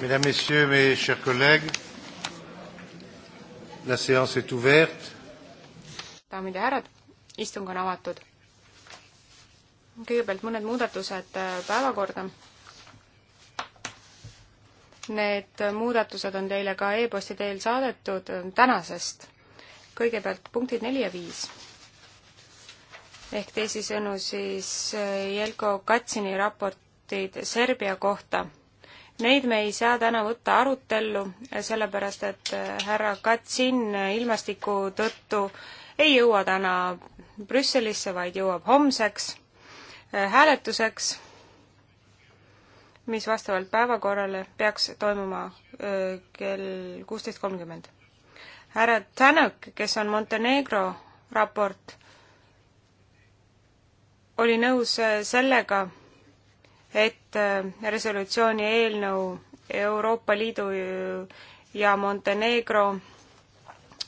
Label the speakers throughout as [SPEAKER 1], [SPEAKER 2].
[SPEAKER 1] Mesdames, Messieurs, mes chers collègues, la séance est ouverte.
[SPEAKER 2] daamid ja härrad, istung on avatud. kõigepealt mõned muudatused äh, päevakorda. Need muudatused on teile ka e-posti teel saadetud tänasest. kõigepealt punktid neli ja viis ehk teisisõnu siis äh, Jelko Katsini raportid Serbia kohta Neid me ei saa täna võtta arutellu, sellepärast et äh, härra Katsin äh, ilmastiku tõttu ei jõua täna Brüsselisse, vaid jõuab homseks äh, hääletuseks, mis vastavalt päevakorrale peaks toimuma kell kuusteist kolmkümmend. härra Tänak, kes on Montenegro raport, oli nõus sellega, et äh, resolutsiooni eelnõu Euroopa Liidu ja Montenegro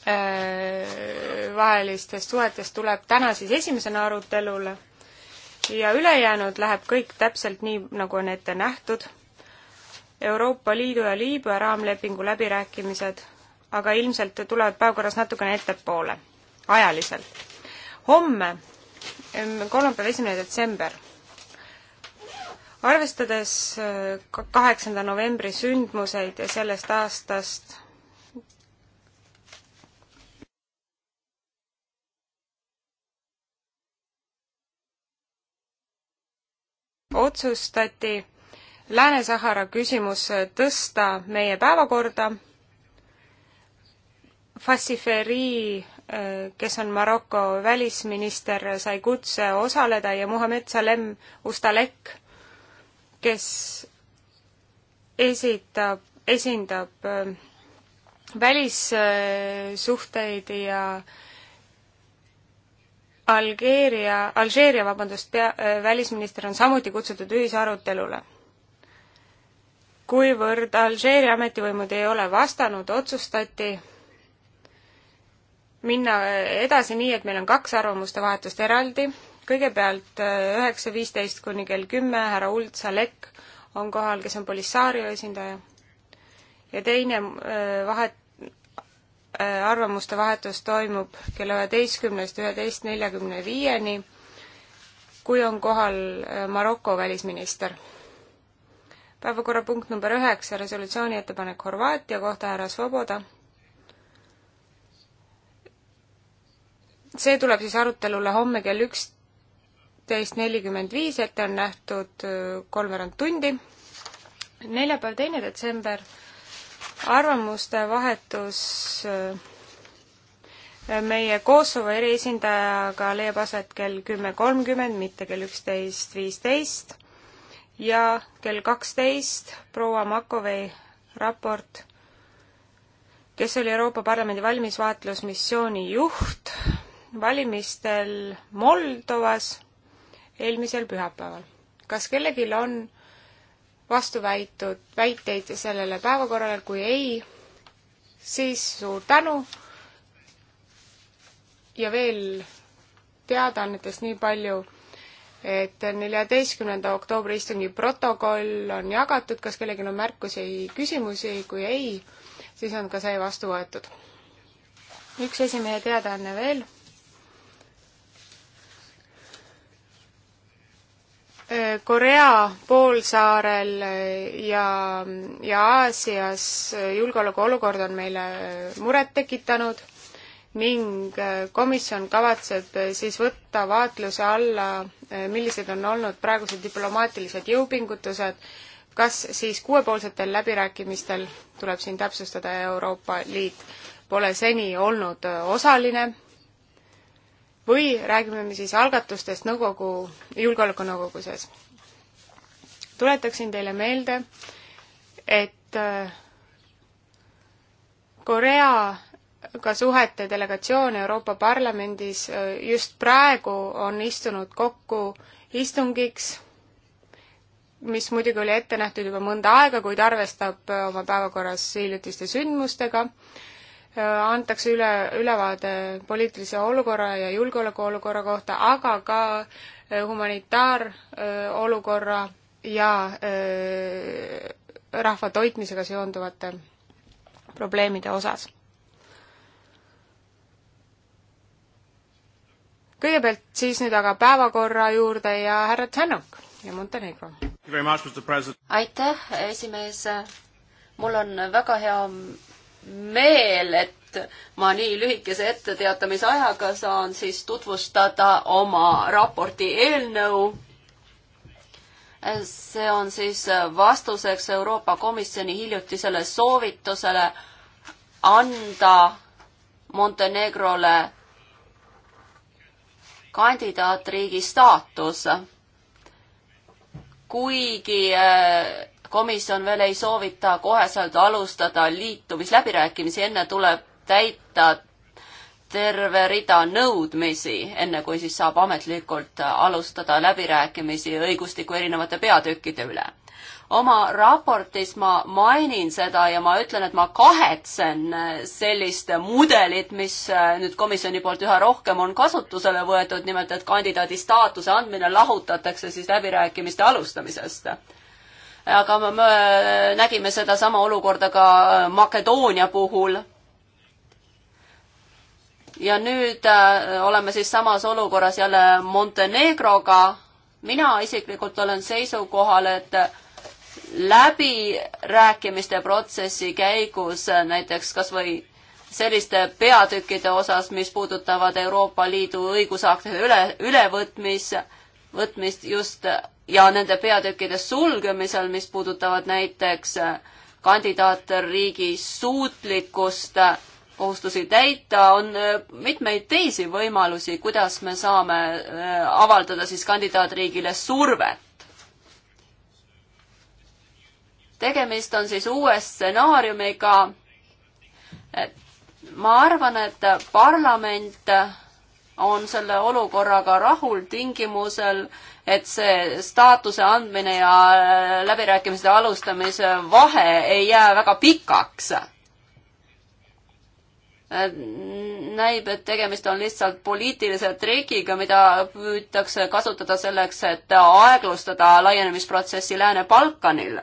[SPEAKER 2] äh, vahelistest suhetest tuleb täna siis esimesena arutelule ja ülejäänud läheb kõik täpselt nii, nagu on ette nähtud. Euroopa Liidu ja Liibüa raamlepingu läbirääkimised, aga ilmselt tulevad päevakorras natukene ettepoole, ajaliselt. homme, kolmapäev, esimene detsember arvestades äh, kaheksanda novembri sündmuseid ja sellest aastast otsustati Lääne-Sahara küsimus tõsta meie päevakorda. Fassiferi, äh, kes on Maroko välisminister, sai kutse osaleda ja Muhamed Salem Ustalek kes esitab, esindab ähm, välissuhteid ja Algeeria, Alžeeria, vabandust, pea, äh, välisminister on samuti kutsutud ühisarutelule. kuivõrd Alžeeria ametivõimud ei ole vastanud, otsustati minna äh, edasi nii, et meil on kaks arvamuste vahetust eraldi kõigepealt äh, üheksa viisteist kuni kell kümme härra Uld Salek on kohal, kes on Polisario esindaja. ja teine äh, vahet, äh, arvamuste vahetus toimub kella üheteistkümnest üheteist neljakümne viieni, kui on kohal Maroko välisminister. päevakorrapunkt number üheksa, resolutsiooni ettepanek Horvaatia kohta, härra Svoboda see tuleb siis arutelule homme kell üks kaksteist nelikümmend viis, ette on nähtud äh, kolmveerand tundi. neljapäev, teine detsember, arvamuste vahetus äh, meie Kosovo eriesindajaga leiab aset kell kümme kolmkümmend, mitte kell üksteist viisteist ja kell kaksteist proua Makovei raport, kes oli Euroopa Parlamendi valmisvaatlusmissiooni juht valimistel Moldovas eelmisel pühapäeval. kas kellelgi on vastuväitud, väiteid sellele päevakorrale, kui ei, siis suur tänu ja veel teadaannetest nii palju, et neljateistkümnenda oktoobri istungi protokoll on jagatud, kas kellelgi on märkusi, küsimusi, kui ei, siis on ka see vastu võetud. üks esimehe teadaanne veel Korea poolsaarel ja, ja Aasias julgeolekuolukord on meile muret tekitanud ning komisjon kavatseb siis võtta vaatluse alla, millised on olnud praegused diplomaatilised jõupingutused, kas siis kuuepoolsetel läbirääkimistel, tuleb siin täpsustada, Euroopa Liit pole seni olnud osaline või räägime me siis algatustest nõukogu, julgeolekunõukogu sees. tuletaksin teile meelde, et äh, Koreaga suhete delegatsioon Euroopa Parlamendis äh, just praegu on istunud kokku istungiks, mis muidugi oli ette nähtud juba mõnda aega, kuid arvestab äh, oma päevakorras hiljutiste sündmustega Äh, antakse üle, ülevaade poliitilise olukorra ja julgeolekuolukorra kohta, aga ka äh, humanitaarolukorra äh, ja rahva toitmisega seonduvate probleemide osas. kõigepealt siis nüüd aga päevakorra juurde ja härra
[SPEAKER 3] Tšanok ja Montenegro. aitäh, esimees. mul on väga hea meel, et ma nii lühikese etteteatamisajaga saan siis tutvustada oma raporti eelnõu. see on siis vastuseks Euroopa Komisjoni hiljutisele soovitusele anda Montenegrole kandidaatriigi staatus. kuigi äh, komisjon veel ei soovita koheselt alustada liitumisläbirääkimisi, enne tuleb täita terve rida nõudmisi, enne kui siis saab ametlikult alustada läbirääkimisi õigustiku erinevate peatükkide üle. oma raportis ma mainin seda ja ma ütlen, et ma kahetsen sellist mudelit, mis nüüd komisjoni poolt üha rohkem on kasutusele võetud, nimelt et kandidaadi staatuse andmine lahutatakse siis läbirääkimiste alustamisest aga me nägime sedasama olukorda ka äh, Makedoonia puhul. ja nüüd äh, oleme siis samas olukorras jälle Montenegroga. mina isiklikult olen seisukohal, et läbirääkimiste protsessi käigus äh, näiteks kas või selliste peatükkide osas, mis puudutavad Euroopa Liidu õigusaktide üle, ülevõtmis, võtmist just ja nende peatükkide sulgemisel, mis puudutavad näiteks äh, kandidaatriigi suutlikkust äh, kohustusi täita, on äh, mitmeid teisi võimalusi, kuidas me saame avaldada siis kandidaatriigile survet. tegemist on siis uue stsenaariumiga. ma arvan, et parlament on selle olukorraga rahul tingimusel, et see staatuse andmine ja äh, läbirääkimiste alustamise vahe ei jää väga pikaks. näib, et tegemist on lihtsalt poliitilise trikiga, mida püütakse kasutada selleks, et aeglustada laienemisprotsessi Lääne-Balkanil.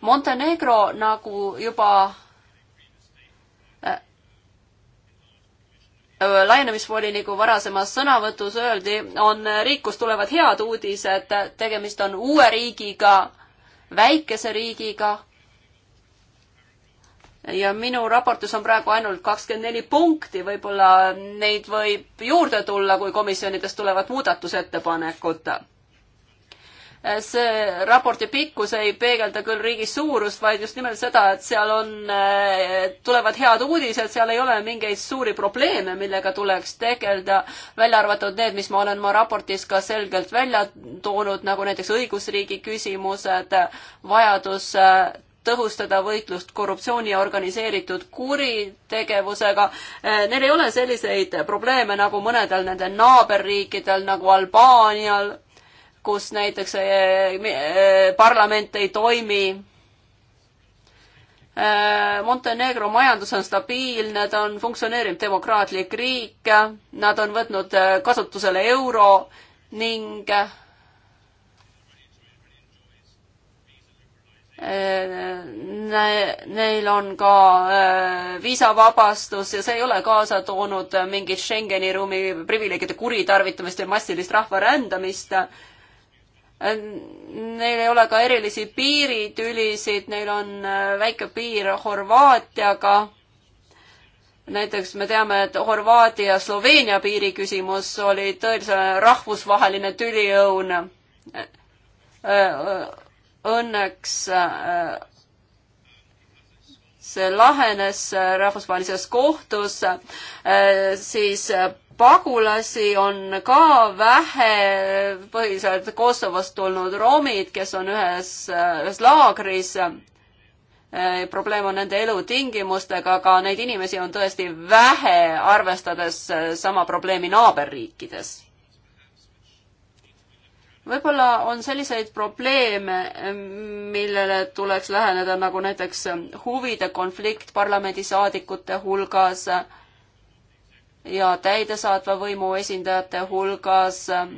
[SPEAKER 3] Montenegro, nagu juba Äh, laienemisvoliniku varasemas sõnavõtus öeldi, on äh, riik, kust tulevad head uudised, tegemist on uue riigiga, väikese riigiga. ja minu raportis on praegu ainult kakskümmend neli punkti, võib-olla neid võib juurde tulla, kui komisjonidest tulevad muudatusettepanekud Eh, see raporti pikkus ei peegelda küll riigi suurust, vaid just nimelt seda, et seal on, eh, tulevad head uudised, seal ei ole mingeid suuri probleeme, millega tuleks tegeleda, välja arvatud need, mis ma olen oma raportis ka selgelt välja toonud, nagu näiteks õigusriigi küsimused, vajadus eh, tõhustada võitlust korruptsiooni ja organiseeritud kuritegevusega. Neil ei ole selliseid probleeme nagu mõnedel nende naaberriikidel nagu Albaanial kus näiteks eh, eh, parlament ei toimi. Eh, Montenegro majandus on stabiilne, ta on funktsioneeriv demokraatlik riik, nad on võtnud kasutusele euro ning neil on ka viisavabastus ja see ei ole kaasa toonud mingit Schengeni ruumi privileegide kuritarvitamist ja massilist rahva rändamist. Äh, neil ei ole ka erilisi piiritülisid, neil on äh, väike piir Horvaatiaga näiteks me teame, et Horvaadia ja Sloveenia piiri küsimus oli tõelise rahvusvaheline tüliõun. Äh, õnneks see lahenes rahvusvahelises kohtus, siis pagulasi on ka vähe, põhiliselt Kosovost tulnud romid, kes on ühes, ühes laagris. probleem on nende elutingimustega, aga neid inimesi on tõesti vähe, arvestades sama probleemi naaberriikides. võib-olla on selliseid probleeme, millele tuleks läheneda, nagu näiteks huvide konflikt parlamendisaadikute hulgas ja täidesaatva võimu esindajate hulgas, ähm,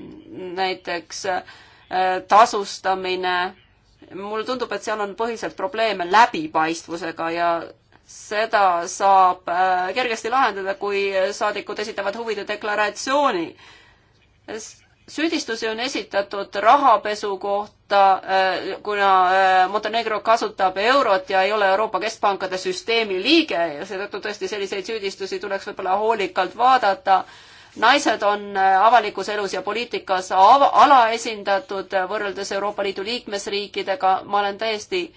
[SPEAKER 3] näiteks äh, tasustamine. mulle tundub, et seal on põhiliselt probleeme läbipaistvusega ja seda saab äh, kergesti lahendada, kui saadikud esitavad huvide deklaratsiooni. süüdistusi on esitatud rahapesu kohta, kasuta, äh, kuna äh, Montenegro kasutab eurot ja ei ole Euroopa Keskpankade süsteemi liige ja seetõttu tõesti selliseid süüdistusi tuleks võib-olla hoolikalt vaadata. naised on äh, avalikus elus ja poliitikas alaesindatud võrreldes Euroopa Liidu liikmesriikidega, ma olen täiesti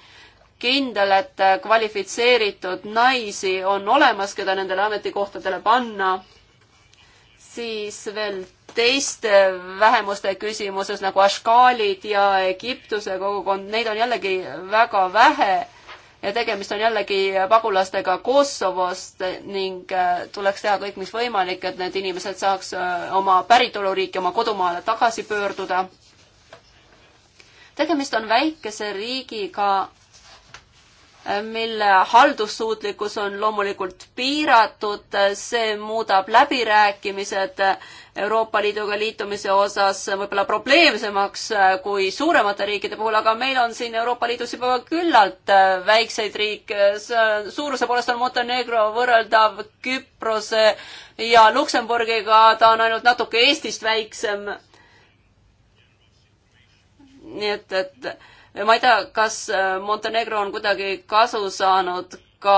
[SPEAKER 3] kindel, et kvalifitseeritud naisi on olemas, keda nendele ametikohtadele panna. siis veel teiste vähemuste küsimuses nagu Ashkaalid ja Egiptuse kogukond, neid on jällegi väga vähe ja tegemist on jällegi pagulastega Kosovost ning äh, tuleks teha kõik, mis võimalik, et need inimesed saaks äh, oma päritoluriiki, oma kodumaale tagasi pöörduda. tegemist on väikese riigiga, äh, mille haldussuutlikkus on loomulikult piiratud, see muudab läbirääkimised äh, Euroopa Liiduga liitumise osas võib-olla probleemsemaks äh, kui suuremate riikide puhul, aga meil on siin Euroopa Liidus juba küllalt äh, väikseid riike, suuruse poolest on Montenegro võrreldav Küprose ja Luksemburgiga, ta on ainult natuke Eestist väiksem. nii et, et äh, ma ei tea, kas Montenegro on kuidagi kasu saanud ka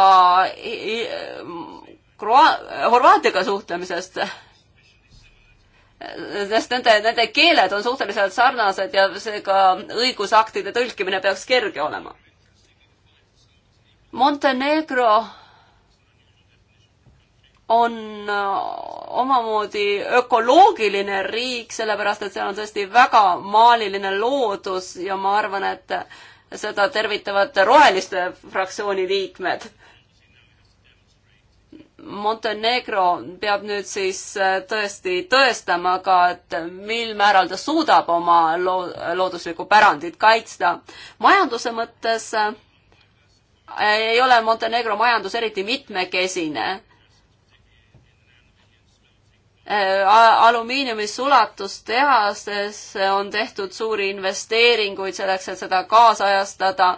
[SPEAKER 3] Kroa-, Horvaatiaga suhtlemisest sest nende, nende keeled on suhteliselt sarnased ja seega õigusaktide tõlkimine peaks kerge olema. Montenegro on omamoodi ökoloogiline riik, sellepärast et seal on tõesti väga maaliline loodus ja ma arvan, et seda tervitavad roheliste fraktsiooni liikmed Montenegro peab nüüd siis äh, tõesti tõestama ka, et mil määral ta suudab oma loo-, looduslikku pärandit kaitsta. majanduse mõttes äh, ei ole Montenegro majandus eriti mitmekesine. Äh, alumiiniumissulatustehastes on tehtud suuri investeeringuid selleks, et seda kaasajastada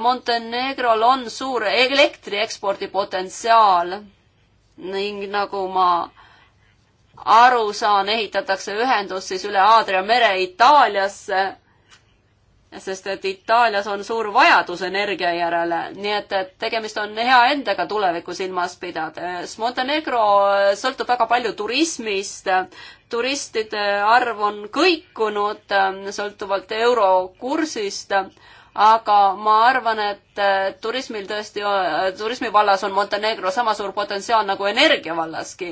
[SPEAKER 3] Montenegrol on suur elektriekspordi potentsiaal ning nagu ma aru saan, ehitatakse ühendus siis üle Aadria mere Itaaliasse, sest et Itaalias on suur vajadus energia järele, nii et, et tegemist on hea endaga tulevikku silmas pidades. Montenegro sõltub väga palju turismist, turistide arv on kõikunud sõltuvalt euro kursist aga ma arvan, et äh, turismil tõesti, äh, turismi vallas on Montenegro sama suur potentsiaal nagu energia vallaski.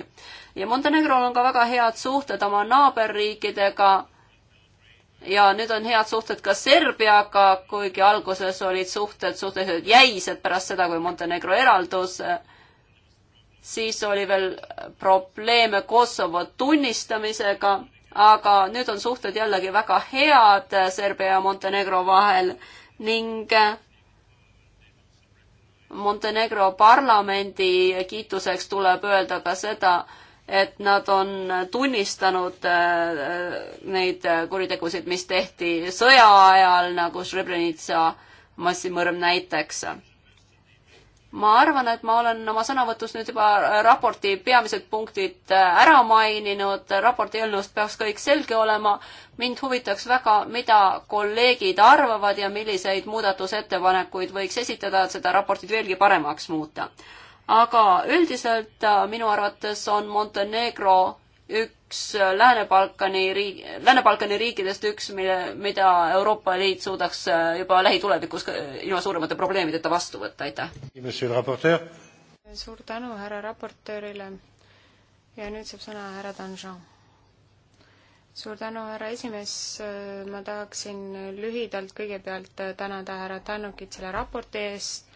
[SPEAKER 3] ja Montenegrol on ka väga head suhted oma naaberriikidega ja nüüd on head suhted ka Serbiaga, kuigi alguses olid suhted suhteliselt jäised pärast seda, kui Montenegro eraldus. siis oli veel probleeme Kosovo tunnistamisega, aga nüüd on suhted jällegi väga head Serbia ja Montenegro vahel ning äh, Montenegro parlamendi kiituseks tuleb öelda ka seda, et nad on tunnistanud äh, äh, neid kuritegusid, mis tehti sõja ajal, nagu Srebrenica massimõrv näiteks ma arvan, et ma olen oma sõnavõtus nüüd juba raporti peamised punktid äh, ära maininud, raporti eelnõust peaks kõik selge olema. mind huvitaks väga, mida kolleegid arvavad ja milliseid muudatusettepanekuid võiks esitada, et seda raportit veelgi paremaks muuta. aga üldiselt äh, minu arvates on Montenegro üks Lääne-Balkani riik, Lääne-Balkani riikidest üks, mille, mida Euroopa Liit suudaks äh, juba lähitulevikus äh, ilma suuremate probleemideta vastu võtta, aitäh!
[SPEAKER 2] suur tänu härra raportöörile ja nüüd saab sõna härra Danjean. suur tänu, härra esimees, äh, ma tahaksin lühidalt kõigepealt tänada härra Tannukit selle raporti eest,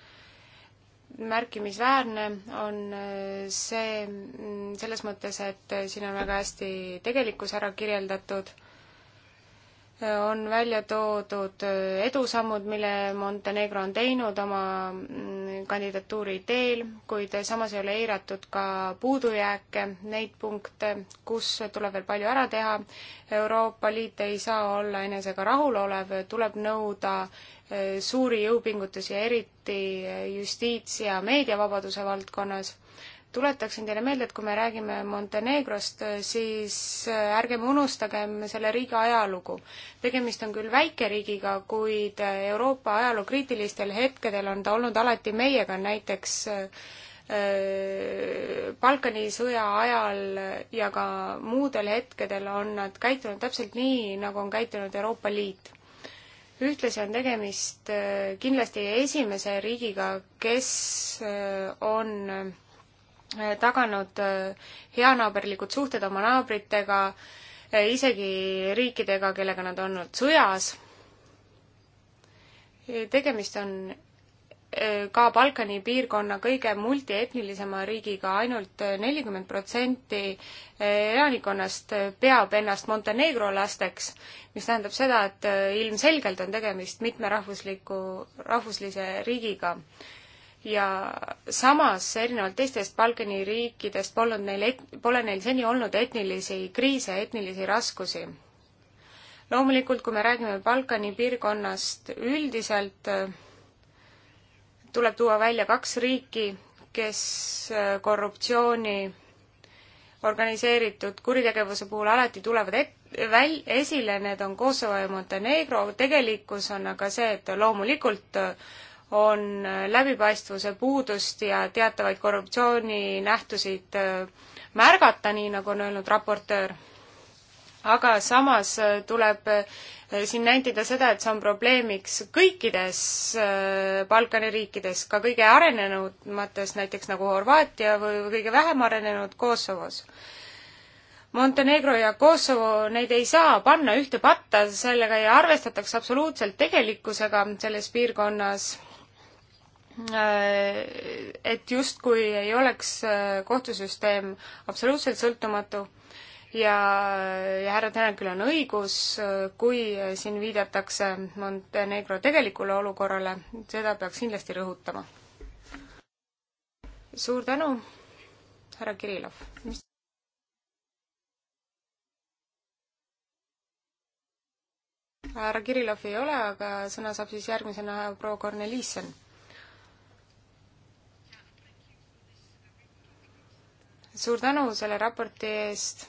[SPEAKER 2] märkimisväärne on äh, see mm, selles mõttes, et äh, siin on väga hästi tegelikkus ära kirjeldatud on välja toodud edusammud, mille Montenegro on teinud oma mm, kandidatuuri teel, kuid samas ei ole eiratud ka puudujääke, neid punkte, kus tuleb veel palju ära teha. Euroopa Liit ei saa olla enesega rahulolev, tuleb nõuda eh, suuri jõupingutusi, eriti justiits- ja meediavabaduse valdkonnas tuletaksin teile meelde, et kui me räägime Montenegrost, siis äh, ärgem unustagem selle riigi ajalugu. tegemist on küll väikeriigiga, kuid äh, Euroopa ajaloo kriitilistel hetkedel on ta olnud alati meiega, näiteks äh, Balkani sõja ajal ja ka muudel hetkedel on nad käitunud täpselt nii, nagu on käitunud Euroopa Liit. ühtlasi on tegemist kindlasti esimese riigiga, kes on Äh, taganud äh, heanaaberlikud suhted oma naabritega, äh, isegi riikidega, kellega nad on olnud sõjas. tegemist on ka Balkani piirkonna kõige multietnilisema riigiga ainult, ainult nelikümmend protsenti elanikkonnast peab ennast Montenegro lasteks, mis tähendab seda, et ilmselgelt on tegemist mitmerahvusliku, rahvuslise riigiga ja samas erinevalt teistest Balkani riikidest polnud neil et-, pole neil seni olnud etnilisi kriise, etnilisi raskusi. loomulikult, kui me räägime Balkani piirkonnast üldiselt, tuleb tuua välja kaks riiki, kes korruptsiooni organiseeritud kuritegevuse puhul alati tulevad et-, väl-, esile, need on Kosovo ja Montenegro, tegelikkus on aga see, et loomulikult on läbipaistvuse puudust ja teatavaid korruptsiooninähtusid äh, märgata, nii nagu on öelnud raportöör. aga samas äh, tuleb äh, siin nentida seda, et see on probleemiks kõikides Balkani riikides, ka kõige arenenumates, näiteks nagu Horvaatia või kõige vähem arenenud Kosovos Montenegro ja Kosovo, neid ei saa panna ühte patta, sellega ei arvestatakse absoluutselt tegelikkusega selles piirkonnas Äh, et justkui ei oleks äh, kohtusüsteem absoluutselt sõltumatu ja, ja härra Tänakil on õigus, äh, kui siin viidatakse Montenegro tegelikule olukorrale, seda peaks kindlasti rõhutama. suur tänu, härra Kirillov. härra Kirillov ei ole, aga sõna saab siis järgmisena proua Korneliisson suur tänu selle raporti eest.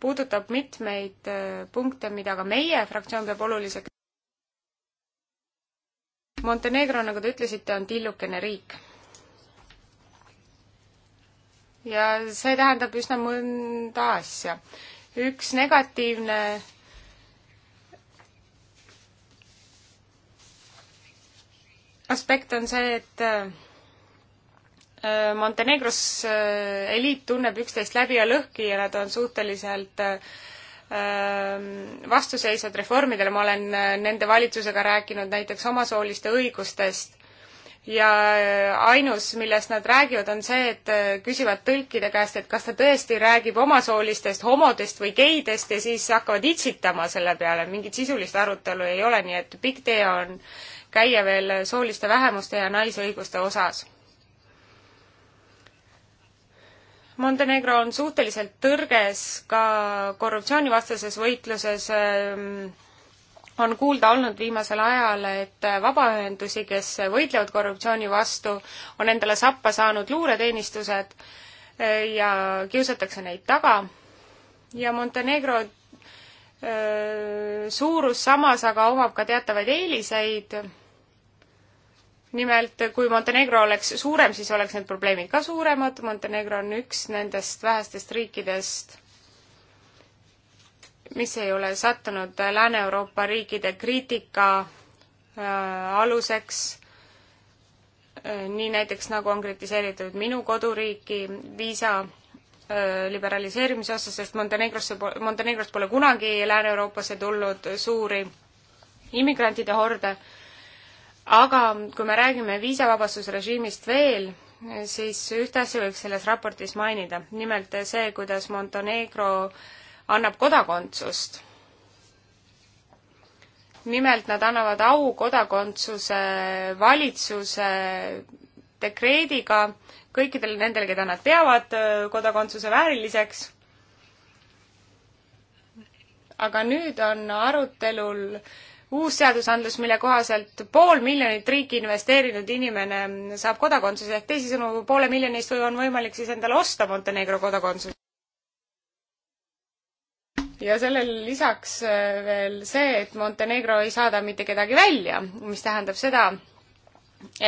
[SPEAKER 2] puudutab mitmeid äh, punkte, mida ka meie fraktsioon peab oluliseks. Montenegro, nagu te ütlesite, on tillukene riik ja see tähendab üsna mõnda asja. üks negatiivne aspekt on see, et äh, Äh, Montenegros äh, eliit tunneb üksteist läbi ja lõhki ja nad on suhteliselt äh, vastuseisvad reformidele, ma olen nende valitsusega rääkinud näiteks homosooliste õigustest ja ainus, millest nad räägivad, on see, et küsivad tõlkide käest, et kas ta tõesti räägib omasoolistest, homodest või geidest ja siis hakkavad itsitama selle peale, mingit sisulist arutelu ei ole, nii et pikk tee on käia veel sooliste vähemuste ja naisõiguste osas Montenegro on suhteliselt tõrges ka korruptsioonivastases võitluses ähm, on kuulda olnud viimasel ajal, et vabaühendusi, kes võitlevad korruptsiooni vastu, on endale sappa saanud luureteenistused äh, ja kiusatakse neid taga. ja Montenegro äh, suurus samas aga omab ka teatavaid eeliseid nimelt, kui Montenegro oleks suurem, siis oleks need probleemid ka suuremad, Montenegro on üks nendest vähestest riikidest, mis ei ole sattunud Lääne-Euroopa riikide kriitika äh, aluseks äh,, nii näiteks nagu on kritiseeritud minu koduriiki viisa äh, liberaliseerimise osas, sest Montenegrosse, Montenegrost pole kunagi Lääne-Euroopasse tulnud suuri immigrantide horde äh,, aga kui me räägime viisavabastusrežiimist veel, siis ühte asja võib selles raportis mainida, nimelt see, kuidas Montenegro annab kodakondsust. nimelt nad annavad au kodakondsuse valitsuse dekreediga kõikidele nendele, keda nad peavad kodakondsuse vääriliseks. aga nüüd on arutelul äh, uus seadusandlus, mille kohaselt pool miljonit riiki investeerinud inimene saab kodakondsuse, ehk teisisõnu, poole miljoni eest on võimalik siis endale osta Montenegro kodakondsus. ja sellele lisaks äh, veel see, et Montenegro ei saada mitte kedagi välja, mis tähendab seda,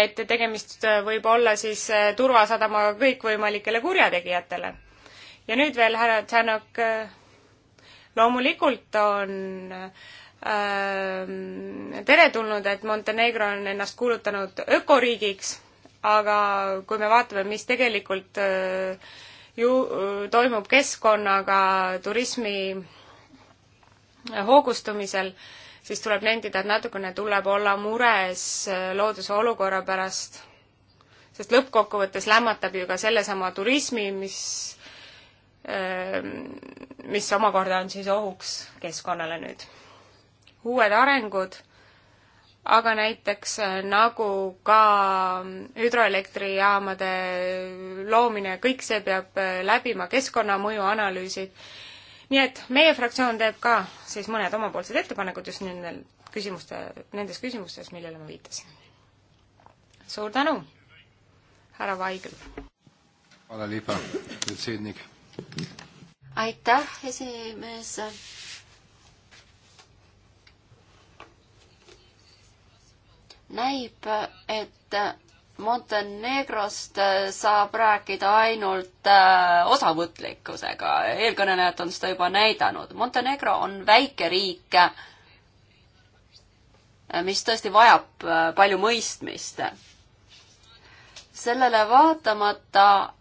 [SPEAKER 2] et tegemist äh, võib olla siis äh, turvasadamaga kõikvõimalikele kurjategijatele. ja nüüd veel härra Tšanok, loomulikult on äh, Äh, teretulnud, et Montenegro on ennast kuulutanud ökoriigiks, aga kui me vaatame, mis tegelikult äh, ju toimub keskkonnaga turismi äh, hoogustumisel, siis tuleb nentida, et natukene tuleb olla mures looduse olukorra pärast, sest lõppkokkuvõttes lämmatab ju ka sellesama turismi, mis mis omakorda on siis ohuks keskkonnale nüüd uued arengud, aga näiteks äh, nagu ka hüdroelektrijaamade loomine, kõik see peab äh, läbima keskkonnamõju analüüsid. nii et meie fraktsioon teeb ka siis mõned omapoolsed ettepanekud just nendel küsimuste, nendes küsimustes, millele ma viitasin. suur tänu,
[SPEAKER 3] härra Vaigel! aitäh, esimees! näib, et Montenegrost äh, saab rääkida ainult äh, osavõtlikkusega, eelkõnelejad on seda juba näidanud. Montenegro on väike riik, äh, mis tõesti vajab palju mõistmist. sellele vaatamata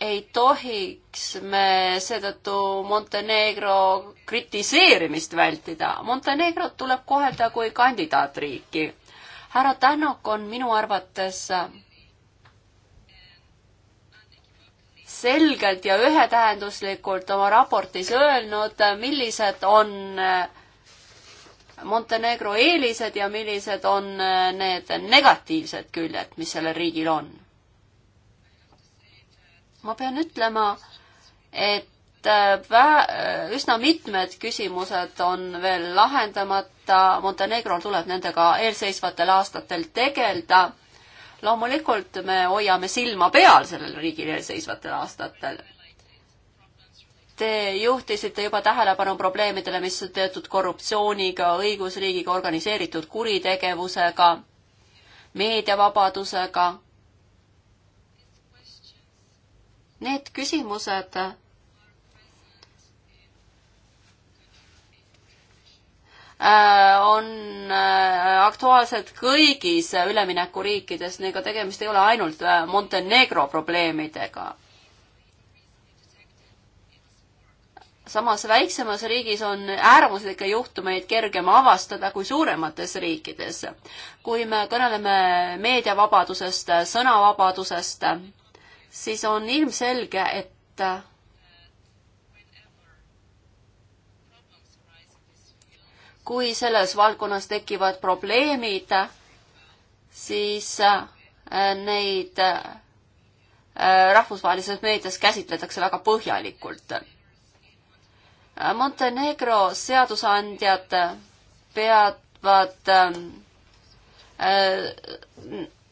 [SPEAKER 3] ei tohiks me seetõttu Montenegro kritiseerimist vältida. Montenegrot tuleb kohelda kui kandidaatriiki härra Tänak on minu arvates selgelt ja ühetähenduslikult oma raportis öelnud, millised on Montenegro eelised ja millised on need negatiivsed küljed, mis sellel riigil on. ma pean ütlema, et vä-, üsna mitmed küsimused on veel lahendamata, võtta, äh, Montenegrol tuleb nendega eelseisvatel aastatel tegeleda. loomulikult me hoiame silma peal sellel riigil eelseisvatel aastatel. Te juhtisite juba tähelepanu probleemidele, mis on teatud korruptsiooniga, õigusriigiga, organiseeritud kuritegevusega, meediavabadusega. Need küsimused Äh, on äh, aktuaalsed kõigis üleminekuriikides, ega tegemist ei ole ainult äh, Montenegro probleemidega samas väiksemas riigis on äärmuslikke juhtumeid kergem avastada kui suuremates riikides. kui me kõneleme meediavabadusest, sõnavabadusest, siis on ilmselge, et kui selles valdkonnas tekivad probleemid, siis äh, neid äh, rahvusvahelises meedias käsitletakse väga põhjalikult. Äh, Montenegro seadusandjad peavad ähm,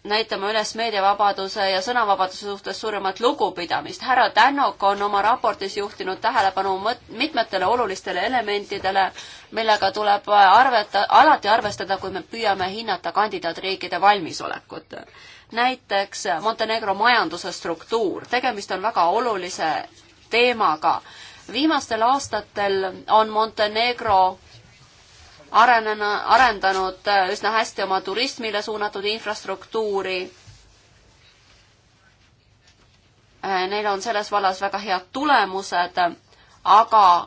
[SPEAKER 3] näitama üles meediavabaduse ja sõnavabaduse suhtes suuremat lugupidamist. härra Tännok on oma raportis juhtinud tähelepanu mitmetele olulistele elementidele, millega tuleb arveta, alati arvestada, kui me püüame hinnata kandidaatriikide valmisolekut. näiteks Montenegro majanduse struktuur, tegemist on väga olulise teemaga. viimastel aastatel on Montenegro arenena, arendanud äh, üsna hästi oma turismile suunatud infrastruktuuri. Äh, neil on selles vallas väga head tulemused, aga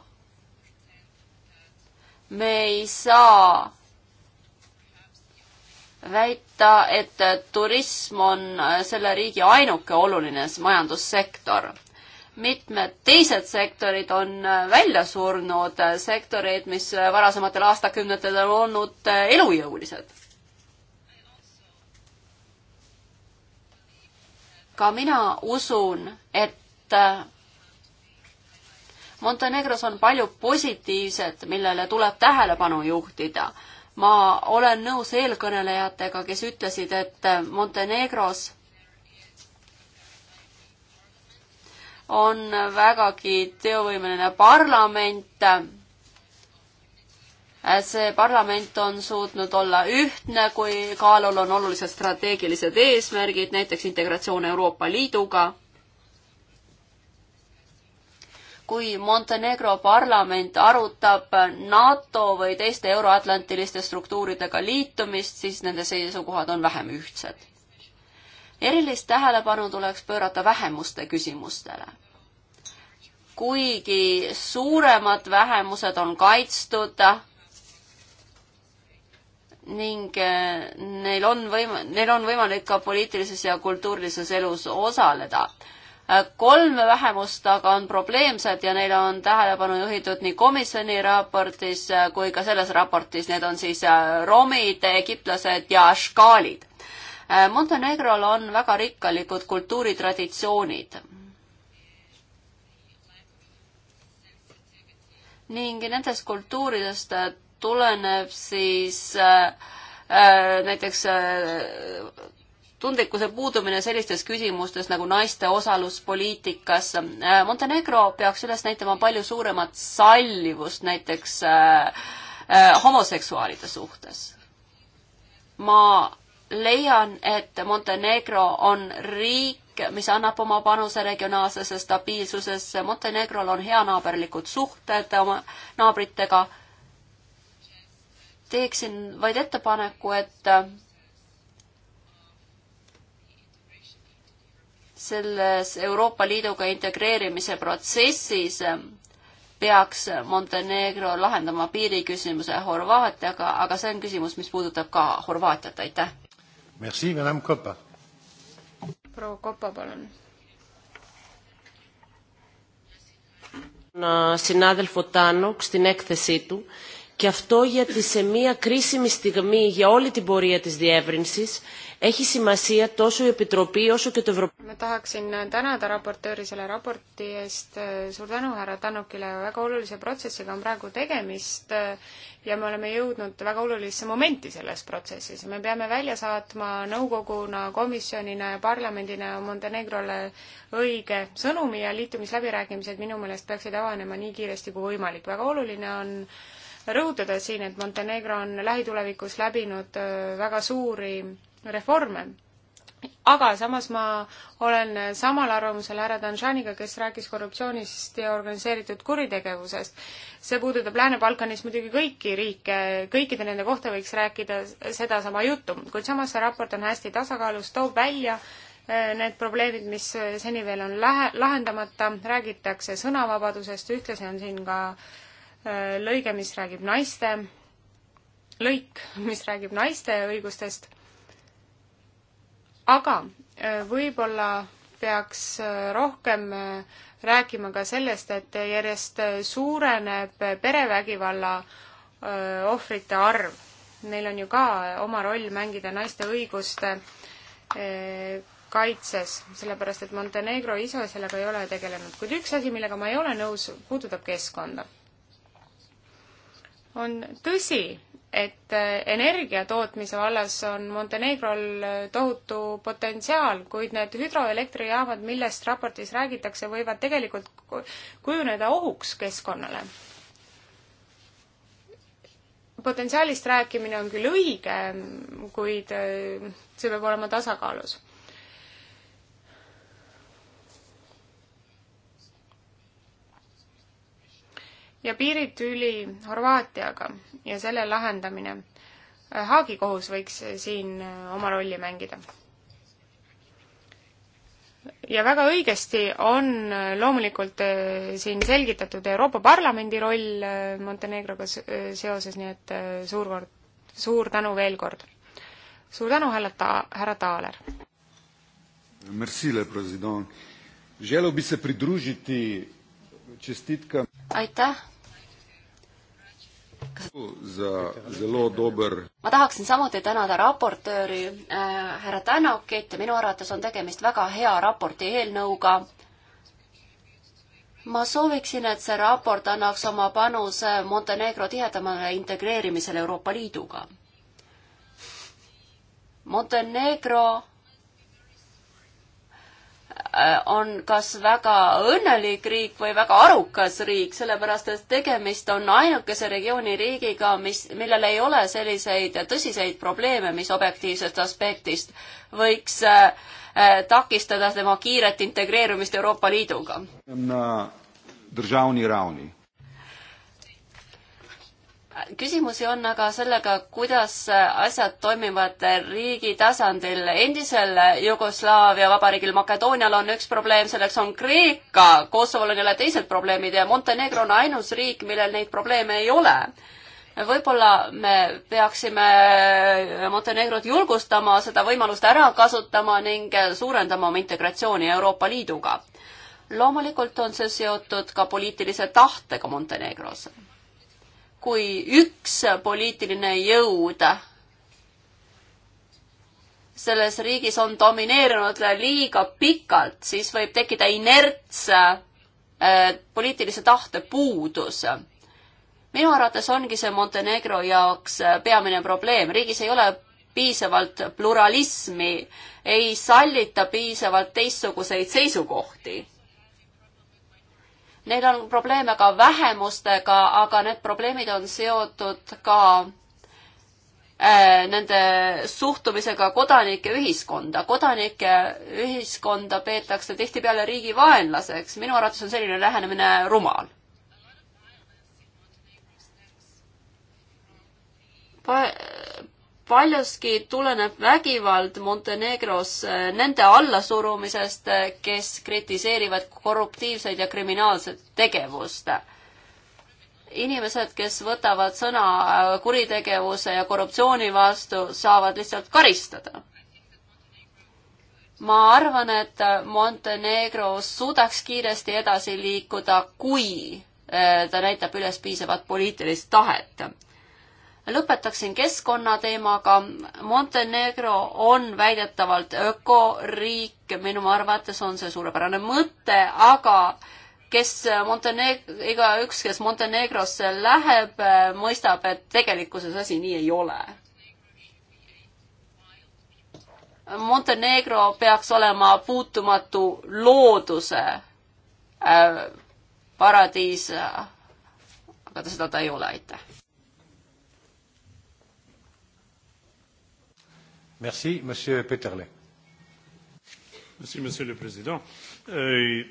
[SPEAKER 3] me ei saa väita, et turism on äh, selle riigi ainuke oluline majandussektor mitmed teised sektorid on äh, välja surnud, äh, sektoreid, mis äh, varasematel aastakümnetel on olnud elujõulised. ka mina usun, et Montenegros on palju positiivset, millele tuleb tähelepanu juhtida. ma olen nõus eelkõnelejatega, kes ütlesid, et Montenegros on vägagi teovõimeline parlament. see parlament on suutnud olla ühtne, kui kaalul on olulised strateegilised eesmärgid, näiteks integratsioon Euroopa Liiduga. kui Montenegro parlament arutab NATO või teiste euroatlantiliste struktuuridega liitumist, siis nende seisukohad on vähem ühtsed erilist tähelepanu tuleks pöörata vähemuste küsimustele. kuigi suuremad vähemused on kaitstud ning eh, neil on võim-, neil on võimalik ka poliitilises ja kultuurilises elus osaleda kolm vähemust aga on probleemsed ja neile on tähelepanu juhitud nii komisjoni raportis kui ka selles raportis, need on siis eh, romid, egiptlased ja škaalid. Äh, Montenegrol on väga rikkalikud kultuuritraditsioonid. ning nendest kultuuridest äh, tuleneb siis äh, äh, näiteks äh, tundlikkuse puudumine sellistes küsimustes nagu naiste osalus poliitikas. Montenegro peaks üles näitama palju suuremat sallivust näiteks äh, homoseksuaalide suhtes. ma leian, et Montenegro on riik, mis annab oma panuse regionaalsesse stabiilsusesse. Montenegrol on heanaaberlikud suhted oma naabritega. teeksin vaid ettepaneku, et selles Euroopa Liiduga integreerimise protsessis peaks Montenegro lahendama piiriküsimuse Horvaatiaga, aga see on küsimus, mis puudutab ka Horvaatiat, aitäh!
[SPEAKER 1] Merci, madame Kopa.
[SPEAKER 3] proua Kopa, palun. συνάδελφο Τάνοκ στην έκθεσή του Και αυτό γιατί σε μια κρίσιμη στιγμή για όλη την πορεία της διεύρυνσης έχει σημασία τόσο η Επιτροπή όσο και το Ευρωπαϊκό.
[SPEAKER 2] Ma tahaksin tänada raportööri selle raporti eest. Suur tänu härra Tanukile. Väga olulise protsessiga on praegu tegemist ja me oleme jõudnud väga olulisse momenti selles protsessis. Me peame välja saatma nõukoguna, komisjonina ja parlamendina Montenegrole õige sõnumi ja liitumisläbirääkimised minu meelest peaksid avanema nii kiiresti kui võimalik. Väga oluline on rõhutada siin, et Montenegro on lähitulevikus läbinud äh, väga suuri reforme. aga samas ma olen samal arvamusel härra Danšaniga, kes rääkis korruptsioonist ja organiseeritud kuritegevusest. see puudutab Lääne-Balkanis muidugi kõiki riike, kõikide nende kohta võiks rääkida sedasama juttu, kuid samas see raport on hästi tasakaalus, toob välja äh, need probleemid, mis äh, seni veel on lähe, lahendamata, räägitakse sõnavabadusest, ühtlasi on siin ka äh, lõige, mis räägib naiste, lõik, mis räägib naiste õigustest, aga e, võib-olla peaks e, rohkem e, rääkima ka sellest, et järjest suureneb perevägivalla ohvrite arv. Neil on ju ka oma roll mängida naiste õiguste kaitses, sellepärast et Montenegro ise sellega ei ole tegelenud, kuid üks asi, millega ma ei ole nõus, puudutab keskkonda on tõsi, et äh, energiatootmise vallas on Montenegrol äh, tohutu potentsiaal, kuid need hüdroelektrijaamad, millest raportis räägitakse, võivad tegelikult kujuneda ohuks keskkonnale. potentsiaalist rääkimine on küll õige, kuid äh, see peab olema tasakaalus ja piiritüli Horvaatiaga ja selle lahendamine. Haagi kohus võiks siin oma rolli mängida. ja väga õigesti on loomulikult äh, siin selgitatud Euroopa Parlamendi roll äh, Montenegroga äh, seoses, nii et suur kord, suur tänu veel kord. suur tänu, härra Ta-, härra Taaler!
[SPEAKER 3] Mersile, president! Želel bi se pridružiti čestitkam. Aitäh, ma tahaksin samuti tänada raportööri äh, härra Tänakit, minu arvates on tegemist väga hea raporti eelnõuga ma sooviksin, et see raport annaks oma panuse Montenegro tihedamale integreerimisele Euroopa Liiduga. Montenegro Äh, on kas väga õnnelik riik või väga arukas riik, sellepärast et tegemist on ainukese regiooni riigiga, mis, millel ei ole selliseid tõsiseid probleeme, mis objektiivsest aspektist võiks äh, äh takistada tema kiiret integreerumist Euroopa Liiduga küsimusi on aga sellega, kuidas asjad toimivad riigi tasandil. endisel Jugoslaavia vabariigil Makedoonial on üks probleem, selleks on Kreeka, Kosovol on jälle teised probleemid ja Montenegro on ainus riik, millel neid probleeme ei ole. võib-olla me peaksime Montenegrot julgustama, seda võimalust ära kasutama ning suurendama oma integratsiooni Euroopa Liiduga. loomulikult on see seotud ka poliitilise tahtega Montenegros kui üks poliitiline jõud selles riigis on domineerinud liiga pikalt, siis võib tekkida inerts, äh, poliitilise tahte puudus. minu arvates ongi see Montenegro jaoks äh, peamine probleem, riigis ei ole piisavalt pluralismi, ei sallita piisavalt teistsuguseid seisukohti Neil on probleeme ka vähemustega, aga need probleemid on seotud ka äh, nende suhtumisega kodanike ühiskonda. kodanike ühiskonda peetakse tihtipeale riigi vaenlaseks. minu arvates on selline lähenemine rumal paljuski tuleneb vägivald Montenegros eh, nende allasurumisest, eh, kes kritiseerivad korruptiivseid ja kriminaalset tegevust. inimesed, kes võtavad sõna eh, kuritegevuse ja korruptsiooni vastu, saavad lihtsalt karistada. ma arvan, et Montenegro suudaks kiiresti edasi liikuda, kui ta näitab üles piisavat poliitilist tahet lõpetaksin keskkonnateemaga. Montenegro on väidetavalt ökoriik, minu arvates on see suurepärane mõte, aga kes Monteneg-, igaüks, kes Montenegrosse läheb, mõistab, et tegelikkuses asi nii ei ole. Montenegro peaks olema puutumatu looduse äh, paradiis, aga ta seda ta ei ole, aitäh
[SPEAKER 1] Merci, monsieur Peterle. Merci, monsieur le président. Euh,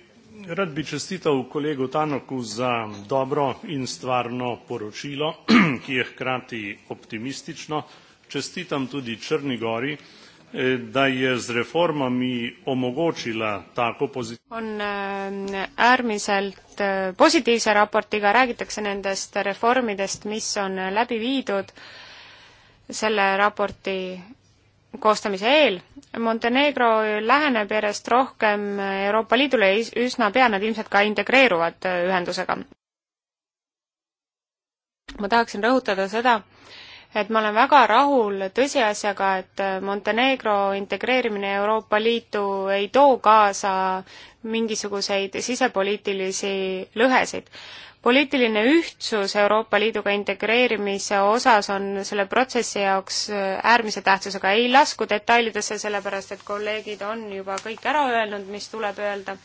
[SPEAKER 1] Rad bi čestital kolegu Tanoku za dobro in stvarno poročilo, ki je hkrati optimistično. Čestitam tudi Črni gori, eh, da je z reformami omogočila tako pozitivno.
[SPEAKER 2] on eh, äärmiselt eh, positiivse raportiga, räägitakse nendest reformidest, mis on läbi viidud selle raporti koostamise eel. Montenegro läheneb järjest rohkem Euroopa Liidule ja üsna pea nad ilmselt ka integreeruvad ühendusega. ma tahaksin rõhutada seda, et ma olen väga rahul tõsiasjaga, et Montenegro integreerimine Euroopa Liitu ei too kaasa mingisuguseid sisepoliitilisi lõhesid poliitiline ühtsus Euroopa Liiduga integreerimise osas on selle protsessi jaoks äh, äärmise tähtsusega. ei lasku detailidesse, sellepärast et kolleegid on juba kõik ära öelnud, mis tuleb öelda.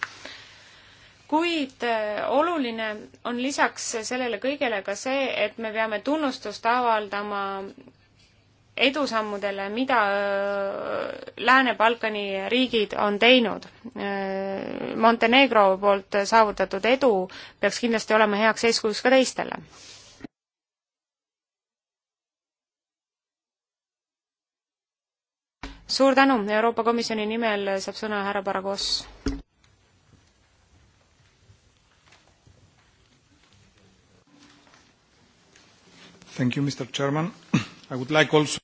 [SPEAKER 2] kuid äh, oluline on lisaks sellele kõigele ka see, et me peame tunnustust avaldama edusammudele, mida äh, Lääne-Balkani riigid on teinud. Äh, Montenegro poolt saavutatud edu peaks kindlasti olema heaks eeskujuks ka teistele. suur tänu, Euroopa Komisjoni nimel saab sõna härra Baragos.
[SPEAKER 1] Thank you, Mr Chairman. I would like also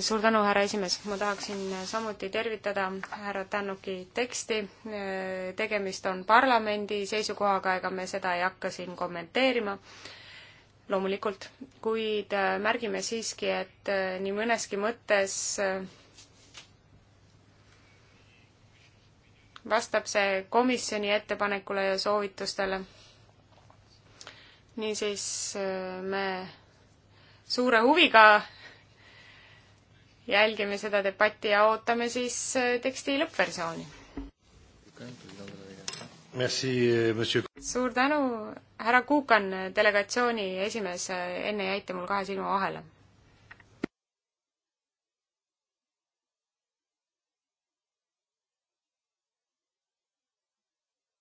[SPEAKER 2] suur tänu, härra esimees, ma tahaksin samuti tervitada härra Tännuki teksti, tegemist on parlamendi seisukohaga, ega me seda ei hakka siin kommenteerima, loomulikult, kuid äh, märgime siiski, et äh, nii mõneski mõttes äh, vastab see komisjoni ettepanekule ja soovitustele. niisiis me suure huviga jälgime seda debatti ja ootame siis äh, teksti lõppversiooni.
[SPEAKER 1] Äh,
[SPEAKER 2] suur tänu, härra Kuukan, äh, delegatsiooni esimees, enne jäite mul kahe silma vahele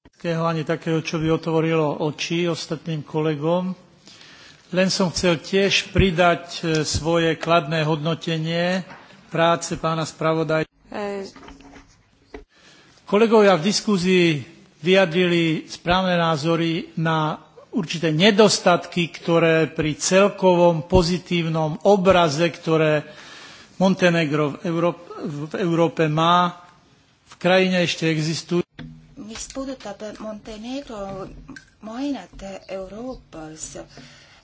[SPEAKER 2] Lipského, ani takého, čo by otvorilo oči
[SPEAKER 1] ostatným kolegom. Len som chcel tiež pridať e, svoje kladné hodnotenie práce pána spravodaj. E- Kolegovia v diskúzii vyjadrili správne názory na určité nedostatky, ktoré pri celkovom pozitívnom obraze, ktoré Montenegro v, Euró- v Európe má, v krajine ešte existujú. mis puudutab Montenegro mainet Euroopas,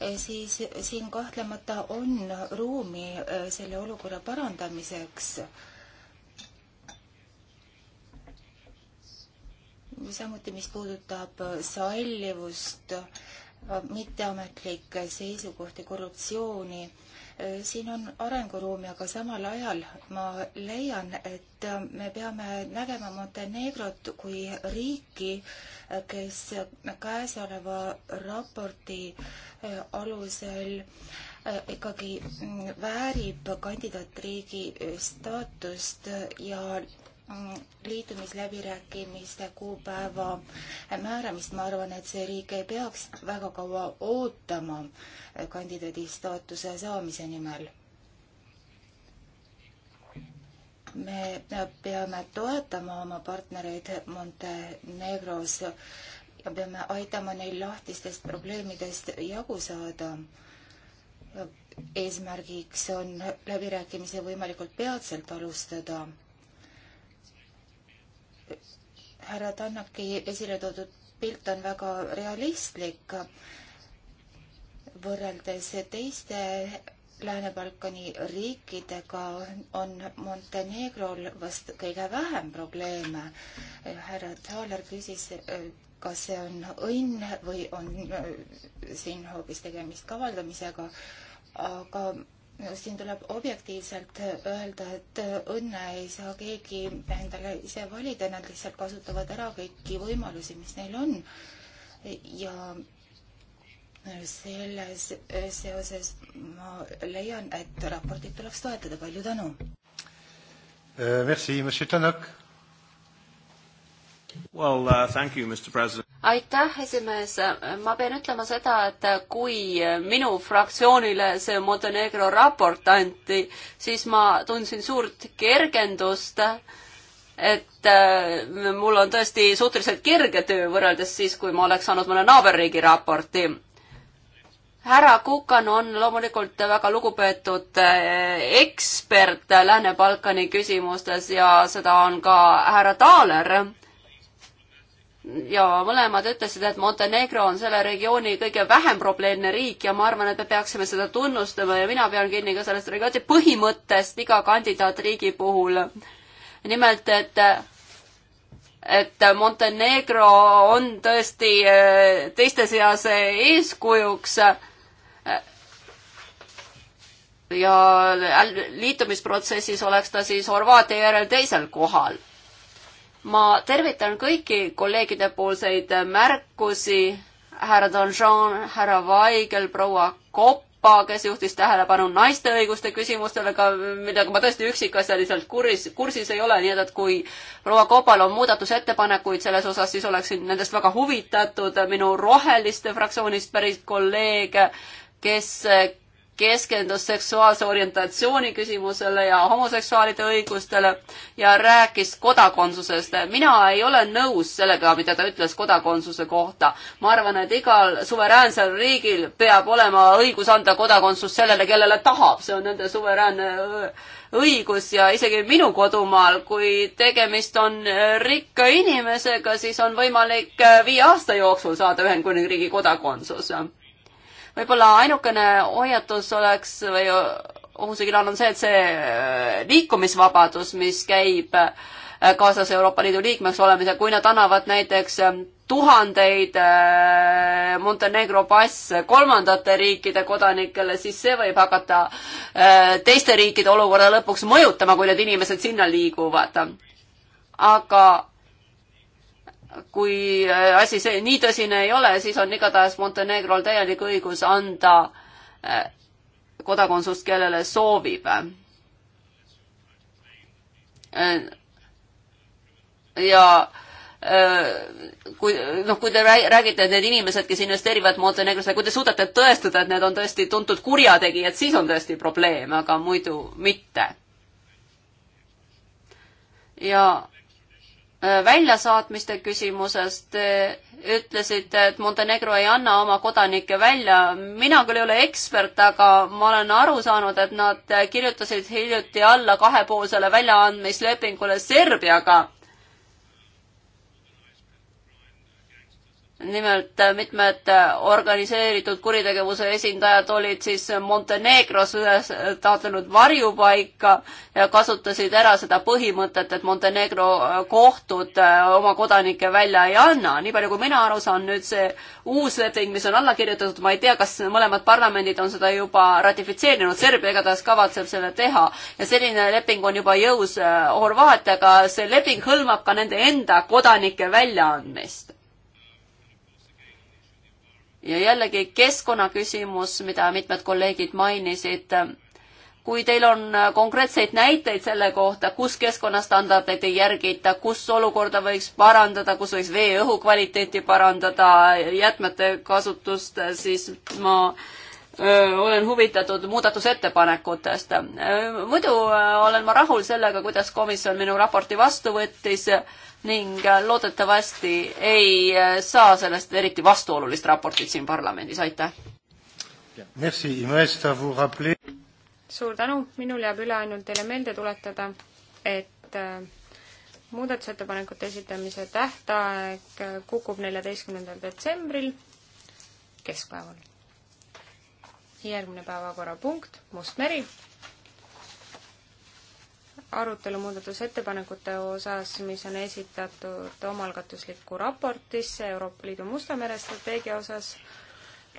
[SPEAKER 1] Eh, siis siin kahtlemata on ruumi eh, selle olukorra parandamiseks. samuti, mis puudutab eh, sallivust, mitteametlikke seisukohti, korruptsiooni siin on arenguruumi, aga samal ajal ma leian, et me peame nägema Montenegrot kui riiki, kes käesoleva raporti äh, alusel äh, ikkagi väärib kandidaatriigi äh, staatust ja liitumisläbirääkimiste kuupäeva määramist, ma arvan, et see riik ei peaks väga kaua ootama kandidaadi staatuse saamise nimel. me peame toetama oma partnereid Montenegros ja peame aitama neil lahtistest probleemidest jagu saada eesmärgiks on läbirääkimisi võimalikult peatselt alustada härra Tannaki esile toodud pilt on väga realistlik võrreldes teiste Lääne-Balkani riikidega on Montenegrol vast kõige vähem probleeme. härra Thaler küsis, kas see on õnn või on äh, siin hoopis tegemist kavaldamisega, aga siin tuleb objektiivselt öelda, et õnne ei saa keegi endale ise valida, nad lihtsalt kasutavad ära kõiki võimalusi, mis neil on. ja selles seoses ma leian, et raportit tuleks toetada, palju tänu. Eh, merci, monsieur Tanak.
[SPEAKER 2] Well uh, thank you, Mr President
[SPEAKER 3] aitäh, esimees. ma pean ütlema seda, et kui minu fraktsioonile see Montenegro raport anti, siis ma tundsin suurt kergendust, et äh, mul on tõesti suhteliselt kerge töö võrreldes siis, kui ma oleks saanud mõne naaberriigi raporti. härra Kukan on loomulikult väga lugupeetud äh, ekspert Lääne-Balkani küsimustes ja seda on ka härra Taaler ja mõlemad ütlesid, et Montenegro on selle regiooni kõige vähem probleemne riik ja ma arvan, et me peaksime seda tunnustama ja mina pean kinni ka sellest regiooni põhimõttest iga kandidaatriigi puhul. nimelt, et et Montenegro on tõesti eh, teiste seas eeskujuks ja liitumisprotsessis oleks ta siis Horvaatia järel teisel kohal ma tervitan kõiki kolleegide poolseid märkusi, härra Donjon, härra Vaigel, proua Koppa, kes juhtis tähelepanu naiste õiguste küsimustele, ka millega ma tõesti üksikasjaliselt kuris, kursis ei ole, nii et, et kui proua Kopal on muudatusettepanekuid selles osas, siis oleksin nendest väga huvitatud. minu roheliste fraktsioonist pärit kolleeg, kes keskendus seksuaalse orientatsiooni küsimusele ja homoseksuaalide õigustele ja rääkis kodakondsusest. mina ei ole nõus sellega, mida ta ütles kodakondsuse kohta. ma arvan, et igal suveräänsel riigil peab olema õigus anda kodakondsus sellele, kellele tahab, see on nende suveräänne õigus ja isegi minu kodumaal, kui tegemist on rikka inimesega, siis on võimalik viie aasta jooksul saada Ühendkuningriigi kodakondsus võib-olla ainukene hoiatus oleks või ohusignaal on see, et see äh, liikumisvabadus, mis käib äh, kaasas Euroopa Liidu liikmeks olemise, kui nad annavad näiteks äh, tuhandeid Montenegro passe kolmandate riikide kodanikele, siis see võib hakata teiste riikide olukorda lõpuks mõjutama, kui need inimesed sinna liiguvad. aga kui äh, asi see nii tõsine ei ole, siis on igatahes Montenegrol täielik õigus anda äh, kodakondsust, kellele soovib. Äh, ja kui, noh, kui te räägite, et need inimesed, kes investeerivad Montenegrosse, kui te suudate tõestada, et need on tõesti tuntud kurjategijad, siis on tõesti probleem, aga muidu mitte. ja Äh, väljasaatmiste küsimuses te ütlesite, et Montenegro ei anna oma kodanikke välja. mina küll ei ole ekspert, aga ma olen aru saanud, et nad kirjutasid hiljuti alla kahepoolsele väljaandmislepingule Serbiaga. nimelt äh, mitmed äh, organiseeritud kuritegevuse esindajad olid siis äh, Montenegros üles taotlenud varjupaika ja kasutasid ära seda põhimõtet, et Montenegro kohtud oma kodanikke välja ei anna. nii palju, kui mina aru saan, nüüd see uus leping, mis on alla kirjutatud, ma ei tea, kas mõlemad parlamendid on seda juba ratifitseerinud, Serbia igatahes kavatseb selle teha ja selline leping on juba jõus Horvaatiaga, see leping hõlmab ka nende enda kodanike väljaandmist ja jällegi keskkonnaküsimus, mida mitmed kolleegid mainisid. kui teil on äh, konkreetseid näiteid selle kohta, kus keskkonnastandardeid ei järgita, kus olukorda võiks parandada, kus võiks vee-õhu kvaliteeti parandada, jäätmete kasutust, äh, siis ma äh, olen huvitatud muudatusettepanekutest. muidu olen ma rahul sellega, kuidas komisjon minu raporti vastu võttis ning äh, loodetavasti ei äh, saa sellest eriti vastuolulist raportit siin parlamendis, aitäh! suur tänu,
[SPEAKER 2] minul jääb üle ainult teile meelde tuletada, et äh, muudatusettepanekute esitamise tähtaeg kukub neljateistkümnendal detsembril keskpäeval. järgmine päevakorrapunkt, Mustmeri arutelu muudatusettepanekute osas, mis on esitatud omalgatuslikku raportisse Euroopa Liidu Musta mere strateegia osas.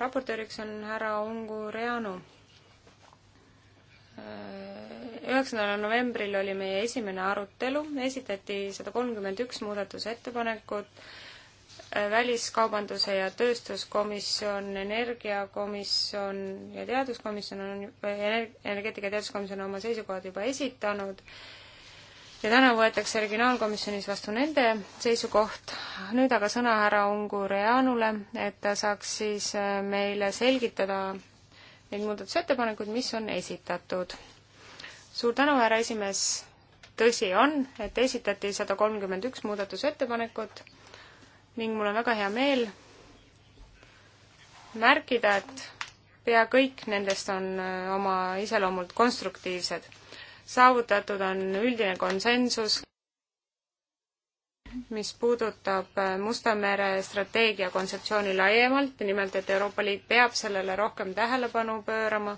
[SPEAKER 2] raportööriks on härra Ungureanu. Üheksandal novembril oli meie esimene arutelu, esitati sada kolmkümmend üks muudatusettepanekut väliskaubanduse ja tööstuskomisjon, energiakomisjon ja teaduskomisjon on, energeetika ja teaduskomisjon on oma seisukohad juba esitanud ja täna võetakse regionaalkomisjonis vastu nende seisukoht. nüüd aga sõna härra Ungureanule, et ta saaks siis äh, meile selgitada neid muudatusettepanekuid, mis on esitatud. suur tänu, härra esimees. tõsi on, et esitati sada kolmkümmend üks muudatusettepanekut ning mul on väga hea meel märkida, et pea kõik nendest on äh, oma iseloomult konstruktiivsed. saavutatud on üldine konsensus, mis puudutab äh, Musta mere strateegia kontseptsiooni laiemalt, nimelt et Euroopa Liit peab sellele rohkem tähelepanu pöörama,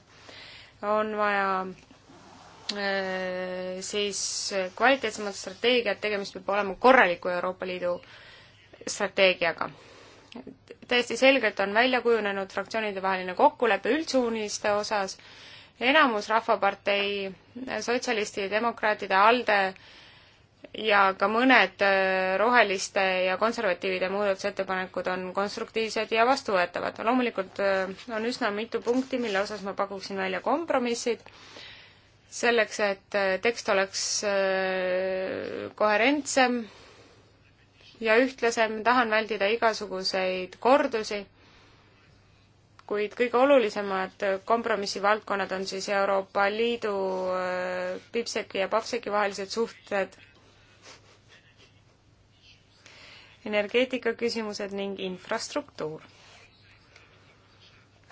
[SPEAKER 2] on vaja äh, siis kvaliteetsemat strateegiat, tegemist peab olema korraliku Euroopa Liidu äh, strateegiaga. täiesti selgelt on välja kujunenud fraktsioonidevaheline kokkulepe üldsuuniste osas, enamus Rahvapartei, Sotsialistide, Demokraatide, ALDE ja ka mõned äh, roheliste ja konservatiivide muudatusettepanekud on konstruktiivsed ja vastuvõetavad. loomulikult äh, on üsna mitu punkti, mille osas ma pakuksin välja kompromissid, selleks et äh, tekst oleks koherentsem ja ühtlasem, tahan väldida igasuguseid kordusi, kuid kõige olulisemad kompromissivaldkonnad on siis Euroopa Liidu äh, Pipseki ja Papseki vahelised suhted, energeetikaküsimused ning infrastruktuur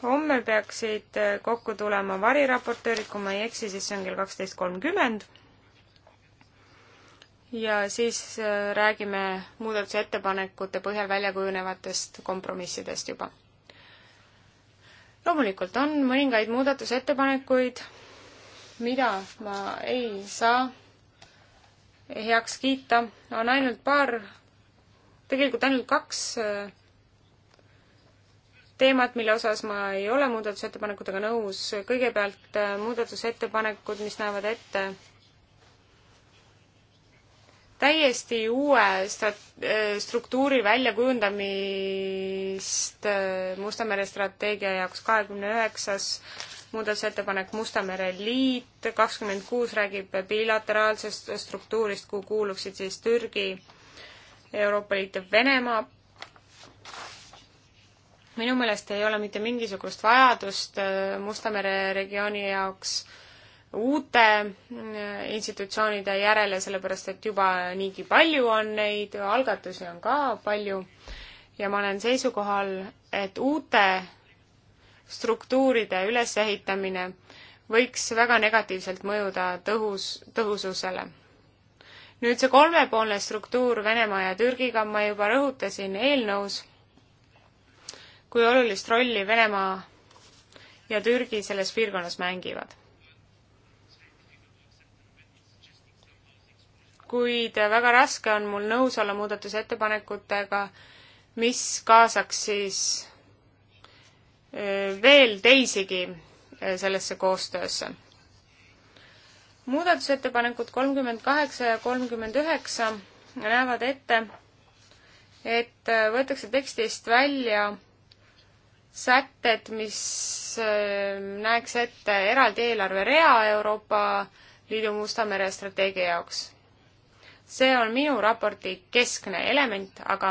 [SPEAKER 2] homme peaksid äh, kokku tulema variraportöörid, kui ma ei eksi, siis see on kell kaksteist kolmkümmend ja siis äh, räägime muudatusettepanekute põhjal välja kujunevatest kompromissidest juba. loomulikult on mõningaid muudatusettepanekuid, mida ma ei saa heaks kiita, on ainult paar, tegelikult ainult kaks äh, teemat, mille osas ma ei ole muudatusettepanekutega nõus. kõigepealt äh, muudatusettepanekud, mis näevad ette täiesti uue strat-, äh, struktuuri väljakujundamist äh, Musta mere strateegia jaoks kahekümne üheksas muudatusettepanek Musta mere liit, kakskümmend kuus räägib bilateraalsest struktuurist, kuhu kuuluksid siis Türgi, Euroopa Liit ja Venemaa. minu meelest ei ole mitte mingisugust vajadust äh, Musta mere regiooni jaoks äh, uute äh, institutsioonide järele, sellepärast et juba niigi palju on neid, algatusi on ka palju ja ma olen seisukohal, et uute struktuuride ülesehitamine võiks väga negatiivselt mõjuda tõhus, tõhususele. nüüd see kolmepoolne struktuur Venemaa ja Türgiga ma juba rõhutasin eelnõus, kui olulist rolli Venemaa ja Türgi selles piirkonnas mängivad. kuid väga raske on mul nõus olla muudatusettepanekutega, mis kaasaks siis veel teisigi sellesse koostöösse. muudatusettepanekud kolmkümmend kaheksa ja kolmkümmend üheksa näevad ette, et võetakse tekstist välja sätted, mis näeks ette eraldi eelarverea Euroopa Liidu Musta mere strateegia jaoks see on minu raporti keskne element, aga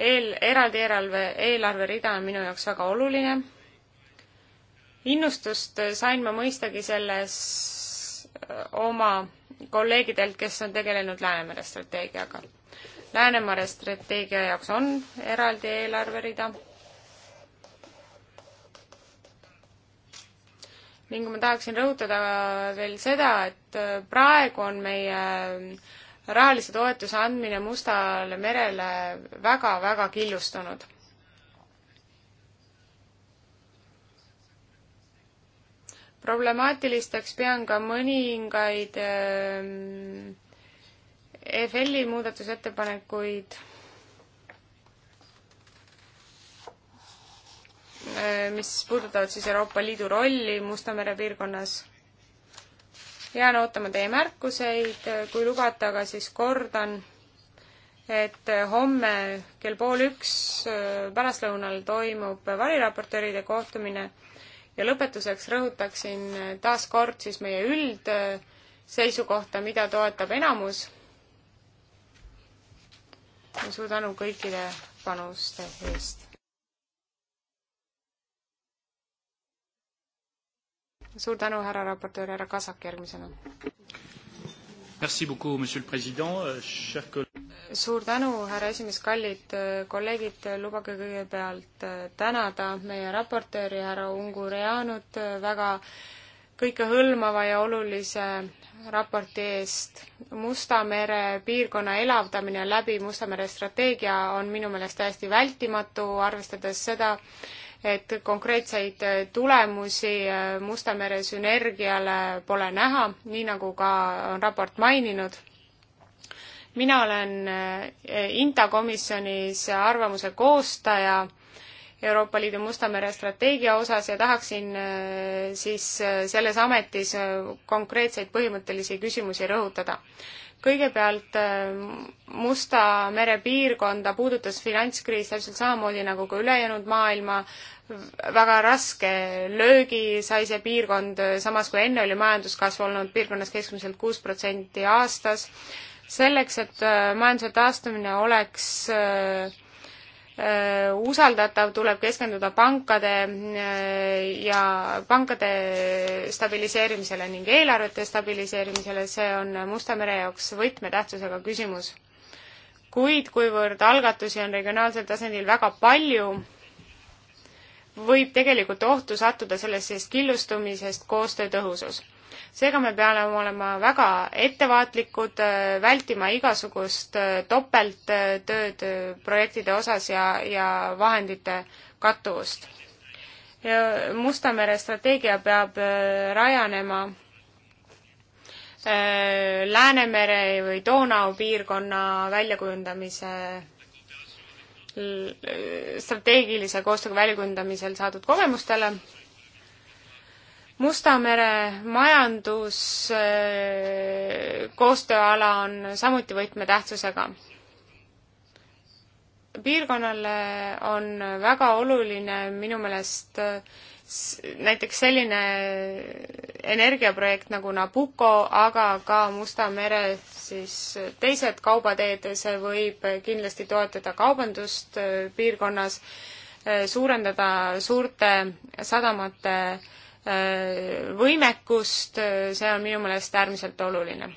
[SPEAKER 2] eel, eraldi eelarve, eelarverida on minu jaoks väga oluline. innustust sain ma mõistagi selles äh, oma kolleegidelt, kes on tegelenud Läänemere strateegiaga. Läänemere strateegia jaoks on eraldi eelarverida ning ma tahaksin rõhutada veel seda, et äh, praegu on meie äh, rahalise toetuse andmine Mustale merele väga-väga killustunud. problemaatilisteks pean ka mõningaid EFL-i ähm, muudatusettepanekuid Äh, mis puudutavad siis Euroopa Liidu rolli Musta mere piirkonnas. jään ootama teie märkuseid, äh, kui lubate, aga siis kordan, et äh, homme kell pool üks pärastlõunal toimub variraportööride kohtumine ja lõpetuseks rõhutaksin taas kord siis meie üldseisukohta, mida toetab enamus. suur tänu kõikide panuste eest! suur tänu, härra raportöör, härra Kasak järgmisena.
[SPEAKER 1] Euh,
[SPEAKER 2] suur tänu, härra esimees, kallid äh, kolleegid, lubage kõigepealt äh, tänada meie raportööri härra Ungureanut äh, väga kõikehõlmava ja olulise raporti eest. Musta mere piirkonna elavdamine läbi Musta mere strateegia on minu meelest täiesti vältimatu, arvestades seda, et konkreetseid äh, tulemusi äh, Musta mere sünergiale pole näha, nii nagu ka on raport maininud. mina olen äh, INTA komisjonis arvamuse koostaja Euroopa Liidu Musta mere strateegia osas ja tahaksin siis selles ametis konkreetseid põhimõttelisi küsimusi rõhutada kõigepealt äh, Musta mere piirkonda puudutas finantskriis täpselt samamoodi nagu ka ülejäänud maailma, väga raske löögi sai see piirkond, äh, samas kui enne oli majanduskasv olnud piirkonnas keskmiselt kuus protsenti aastas. selleks, et äh, majanduse taastumine oleks äh, Äh, usaldatav, tuleb keskenduda pankade äh, ja pankade stabiliseerimisele ning eelarvete stabiliseerimisele, see on Musta mere jaoks võtmetähtsusega küsimus. kuid kuivõrd algatusi on regionaalsel tasandil väga palju, võib tegelikult ohtu sattuda sellest killustumisest koostöö tõhusus seega me peame olema väga ettevaatlikud, äh, vältima igasugust äh, topelttööd äh, projektide osas ja, ja vahendite kattuvust. Musta mere strateegia peab rajanema Läänemere või Donau piirkonna väljakujundamise strateegilise koostööga väljakujundamisel saadud kogemustele Musta mere majanduskoostööala äh, on samuti võtmetähtsusega. piirkonnale on väga oluline minu meelest äh, näiteks selline energiaprojekt nagu Nabucco, aga ka Musta mere siis teised kaubateed, see võib kindlasti toetada kaubandust äh, piirkonnas, suurendada suurte sadamate Äh, võimekust, äh, see on minu meelest äärmiselt oluline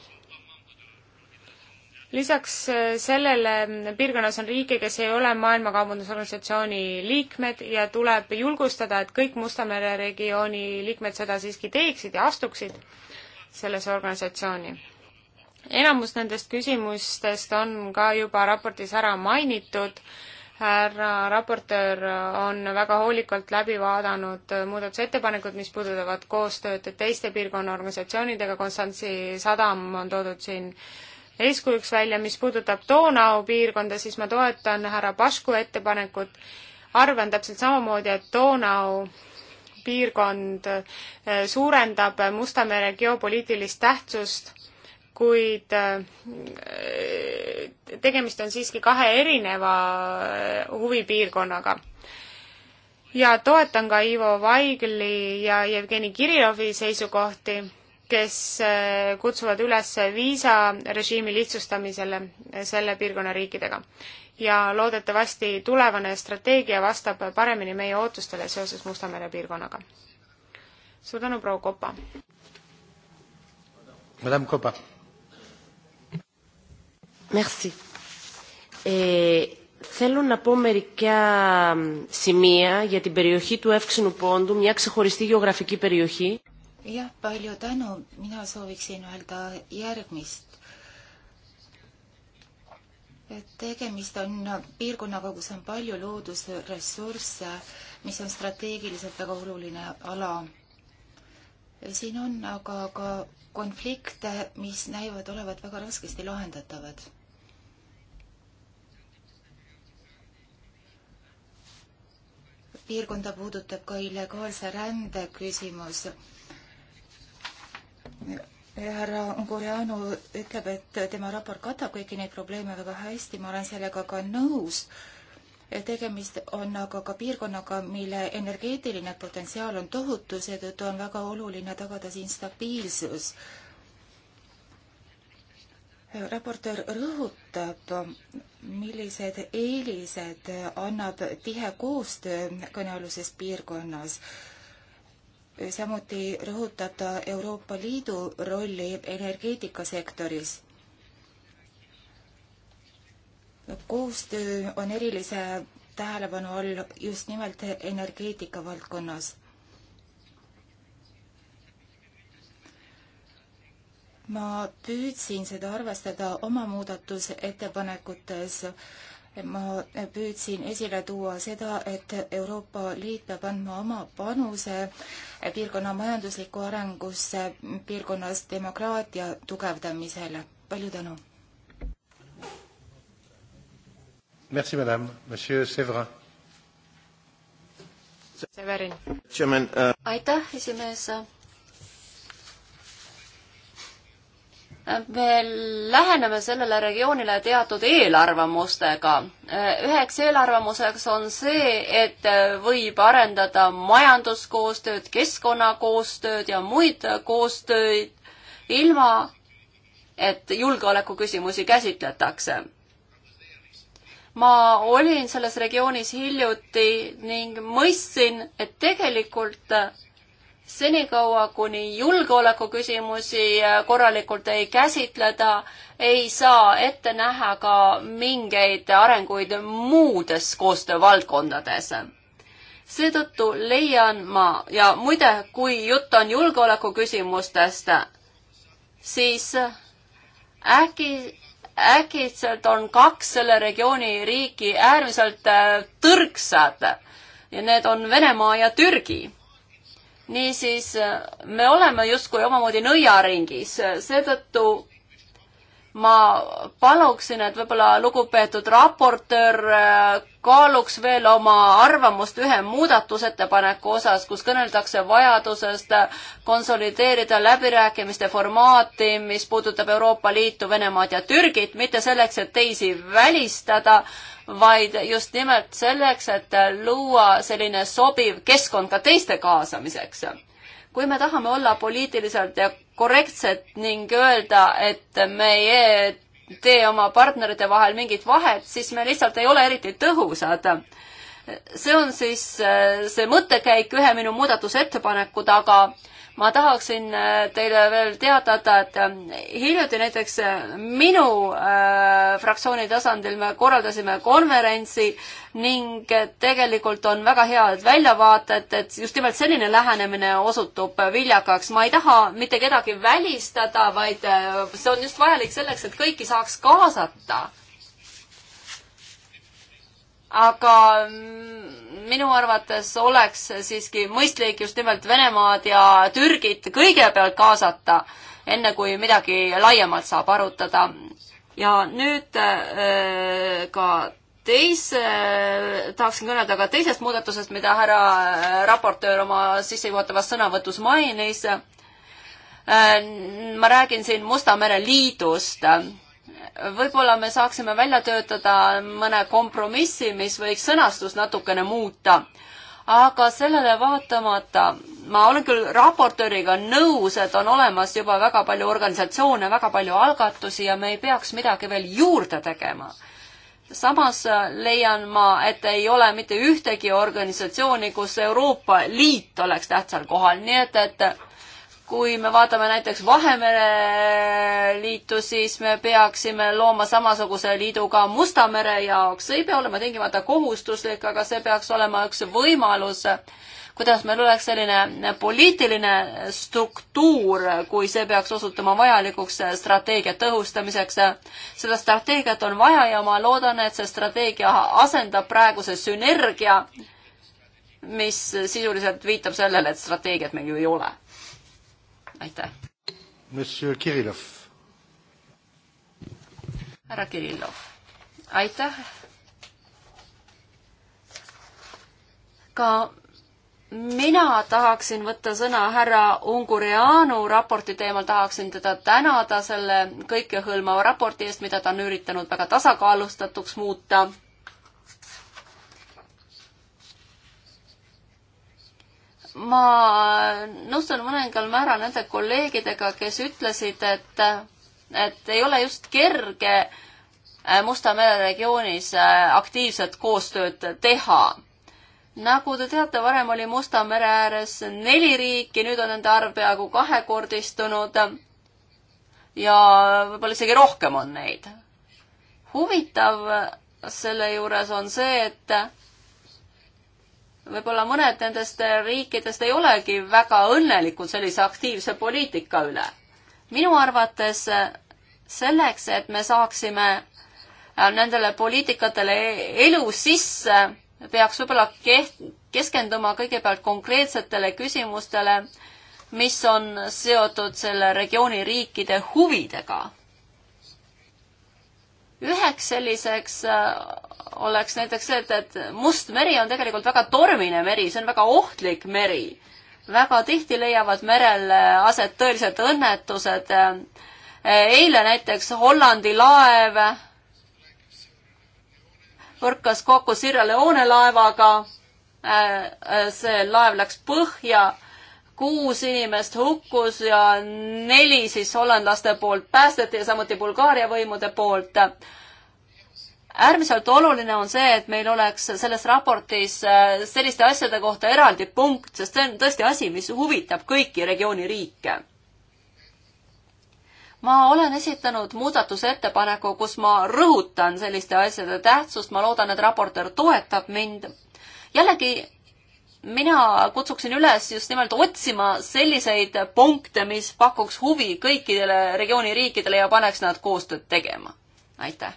[SPEAKER 2] lisaks äh, sellele piirkonnas on riike, kes ei ole Maailma Kaubandusorganisatsiooni liikmed ja tuleb julgustada, et kõik Musta mere regiooni liikmed seda siiski teeksid ja astuksid sellesse organisatsiooni. enamus nendest küsimustest on ka juba raportis ära mainitud härra raportöör on väga hoolikalt läbi vaadanud muudatusettepanekud, mis puudutavad koostööd teiste piirkonna organisatsioonidega, Konstantsi sadam on toodud siin eeskujuks välja, mis puudutab Donau piirkonda, siis ma toetan härra Pašku ettepanekut, arvan täpselt samamoodi, et Donau piirkond eh, suurendab Musta mere geopoliitilist tähtsust kuid äh, tegemist on siiski kahe erineva huvipiirkonnaga. ja toetan ka Ivo Vaigli ja Jevgeni Kirillovi seisukohti, kes äh, kutsuvad üles viisarežiimi lihtsustamisele äh, selle piirkonna riikidega. ja loodetavasti tulevane strateegia vastab paremini meie ootustele seoses Musta mere piirkonnaga. suur tänu, proua Kopa! Madame Kopa Merci.
[SPEAKER 3] Ε, θέλω να πω μερικά σημεία για την περιοχή του Εύξηνου Πόντου, μια ξεχωριστή γεωγραφική περιοχή.
[SPEAKER 1] Jah, palju tänu. Mina sooviksin öelda järgmist. Tegemist on piirkonnaga, kus on palju loodusressursse, mis on strateegiliselt väga oluline ala. Siin on aga ka konflikte, mis näivad olevat väga raskesti lahendatavad. piirkonda puudutab ka illegaalse rände küsimus. härra Ungureanu ütleb, et tema raport katab kõiki neid probleeme väga hästi, ma olen sellega ka nõus. tegemist on aga ka piirkonnaga, mille energeetiline potentsiaal on tohutu, seetõttu on väga oluline tagada siin stabiilsus raportöör rõhutab, millised eelised annab tihe koostöö kõnealuses piirkonnas. samuti rõhutab ta Euroopa Liidu rolli energeetikasektoris. koostöö on erilise tähelepanu all just nimelt energeetika valdkonnas ma püüdsin seda arvestada oma muudatusettepanekutes. ma püüdsin esile tuua seda, et Euroopa Liit peab andma oma panuse piirkonna majanduslikku arengusse, piirkonnas demokraatia tugevdamisele. palju tänu! Merci madame, monsieur Severin. Severin. Uh,
[SPEAKER 3] aitäh, esimees me läheneme sellele regioonile teatud eelarvamustega. üheks eelarvamuseks on see, et võib arendada majanduskoostööd, keskkonnakoostööd ja muid koostöid ilma, et julgeolekuküsimusi käsitletakse. ma olin selles regioonis hiljuti ning mõistsin, et tegelikult senikaua, kuni julgeolekuküsimusi äh, korralikult ei käsitleda, ei saa ette näha ka mingeid arenguid muudes koostöövaldkondades. seetõttu leian ma ja muide, kui jutt on julgeolekuküsimustest, siis äkki äkitselt on kaks selle regiooni riiki äärmiselt äh, tõrksad ja need on Venemaa ja Türgi niisiis me oleme justkui omamoodi nõiaringis, seetõttu ma paluksin, et võib-olla lugupeetud raportöör äh, kaaluks veel oma arvamust ühe muudatusettepaneku osas, kus kõneldakse vajadusest konsolideerida läbirääkimiste formaati, mis puudutab Euroopa Liitu, Venemaad ja Türgit, mitte selleks, et teisi välistada, vaid just nimelt selleks, et luua selline sobiv keskkond ka teiste kaasamiseks. kui me tahame olla poliitiliselt korrektsed ning öelda, et me ei tee oma partnerite vahel mingit vahet, siis me lihtsalt ei ole eriti tõhusad. see on siis see mõttekäik ühe minu muudatusettepaneku taga ma tahaksin äh, teile veel teatada, et äh, hiljuti näiteks äh, minu äh, fraktsiooni tasandil me korraldasime konverentsi ning tegelikult on väga head väljavaated, et just nimelt selline lähenemine osutub viljakaks. ma ei taha mitte kedagi välistada, vaid see on just vajalik selleks, et kõiki saaks kaasata. aga mm, minu arvates oleks siiski mõistlik just nimelt Venemaad ja Türgit kõigepealt kaasata, enne kui midagi laiemalt saab arutada. ja nüüd äh, ka teise, tahaksin kõneleda ka teisest muudatusest, mida härra äh, raportöör oma sissejuhatavas sõnavõtus mainis. Äh, ma räägin siin Musta mere liidust võib-olla me saaksime välja töötada mõne kompromissi, mis võiks sõnastust natukene muuta. aga sellele vaatamata, ma olen küll raportööriga nõus, et on olemas juba väga palju organisatsioone, väga palju algatusi ja me ei peaks midagi veel juurde tegema samas leian ma, et ei ole mitte ühtegi organisatsiooni, kus Euroopa Liit oleks tähtsal kohal, nii et, et kui me vaatame näiteks Vahemere liitu, siis me peaksime looma samasuguse liidu ka Musta mere jaoks. see ei pea olema tingimata kohustuslik, aga see peaks olema üks võimalus, kuidas meil oleks selline poliitiline struktuur, kui see peaks osutuma vajalikuks strateegia tõhustamiseks. seda strateegiat on vaja ja ma loodan, et see strateegia asendab praeguse sünergia, mis sisuliselt viitab sellele, et strateegiat meil ju ei ole aitäh.
[SPEAKER 1] Monsieur Kirillov.
[SPEAKER 3] härra Kirillov, aitäh. ka mina tahaksin võtta sõna härra Ungureanu raporti teemal, tahaksin teda tänada selle kõikehõlmava raporti eest, mida ta on üritanud väga tasakaalustatuks muuta ma nõustun mõningal määral nende kolleegidega, kes ütlesid, et, et ei ole just kerge äh, Musta mere regioonis äh, aktiivset koostööd teha. nagu te teate, varem oli Musta mere ääres neli riiki, nüüd on nende arv peaaegu kahekordistunud. ja võib-olla isegi rohkem on neid. huvitav selle juures on see, et võib-olla mõned nendest riikidest ei olegi väga õnnelikud sellise aktiivse poliitika üle. minu arvates äh, selleks, et me saaksime äh, nendele poliitikatele e-, elu sisse, peaks võib-olla keht-, keskenduma kõigepealt konkreetsetele küsimustele, mis on seotud selle regiooni riikide huvidega üheks selliseks äh, oleks näiteks see, et, et Must meri on tegelikult väga tormine meri, see on väga ohtlik meri. väga tihti leiavad merel äh, aset tõelised õnnetused. Äh, eile näiteks Hollandi laev põrkas kokku Sierra Leone laevaga. see laev läks põhja kuus inimest hukkus ja neli siis hollandlaste poolt päästeti ja samuti Bulgaaria võimude poolt. äärmiselt oluline on see, et meil oleks selles raportis äh, selliste asjade kohta eraldi punkt, sest see on tõesti asi, mis huvitab kõiki regiooni riike. ma olen esitanud muudatusettepaneku, kus ma rõhutan selliste asjade tähtsust, ma loodan, et raportöör toetab mind. jällegi mina kutsuksin üles just nimelt otsima selliseid punkte, mis pakuks huvi kõikidele regiooni riikidele ja paneks nad koostööd tegema. aitäh.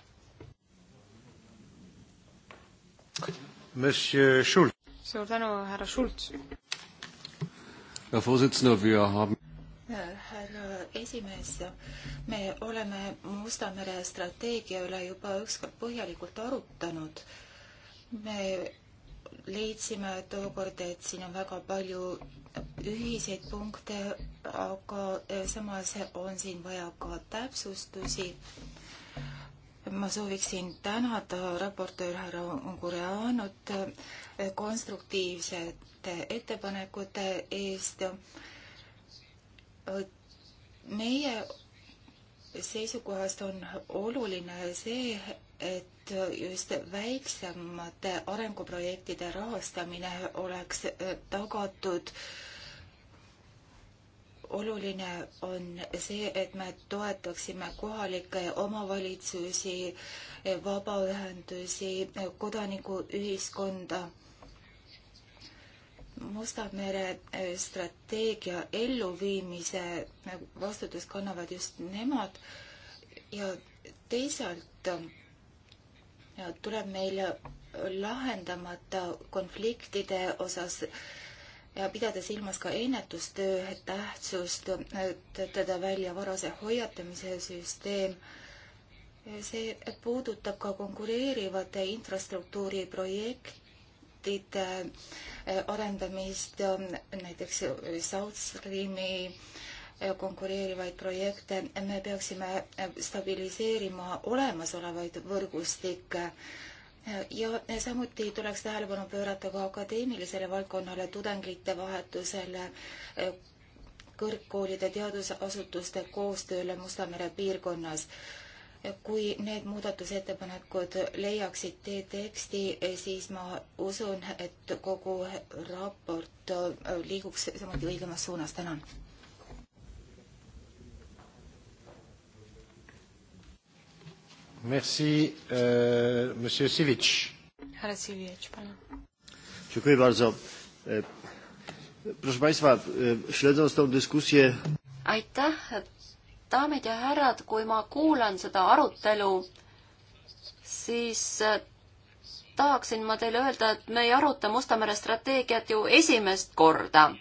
[SPEAKER 2] suur tänu, härra Schulz. Äh, härra
[SPEAKER 1] esimees, me oleme Musta mere strateegia üle juba ükskord põhjalikult arutanud. me leidsime, et olukord, et siin on väga palju ühiseid punkte, aga eh, samas on siin vaja ka täpsustusi. ma sooviksin tänada raportöör härra Ungureanut eh, konstruktiivsete ettepanekute eest. meie seisukohast on oluline see, et et just väiksemate arenguprojektide rahastamine oleks äh, tagatud. oluline on see, et me toetaksime kohalikke omavalitsusi, vabaühendusi, kodanikuühiskonda. Musta mere äh, strateegia elluviimise äh, vastutust kannavad just nemad ja teisalt tuleb meil lahendamata konfliktide osas ja pidada silmas ka ennetustöö tähtsust, töötada välja varase hoiatamise süsteem. see puudutab ka konkureerivate infrastruktuuriprojektide eh, arendamist, näiteks South Streami konkureerivaid projekte, me peaksime stabiliseerima olemasolevaid võrgustikke ja samuti tuleks tähelepanu pöörata ka akadeemilisele valdkonnale, tudengite vahetusele, kõrgkoolide teadusasutuste koostööle Musta mere piirkonnas. kui need muudatusettepanekud leiaksid tee teksti, siis ma usun, et kogu raport liiguks samuti õigemas suunas. tänan Merci, uh, monsieur Sivic.
[SPEAKER 3] Härra Sivic, palun.
[SPEAKER 1] Dziękuję bardzo. E, proszę Państwa, e, śledząc tą dyskusję...
[SPEAKER 3] Aitäh, daamid ja härrad, kui ma kuulan seda arutelu, siis e, tahaksin ma teile öelda, et me ei aruta Musta mere strateegiat ju esimest korda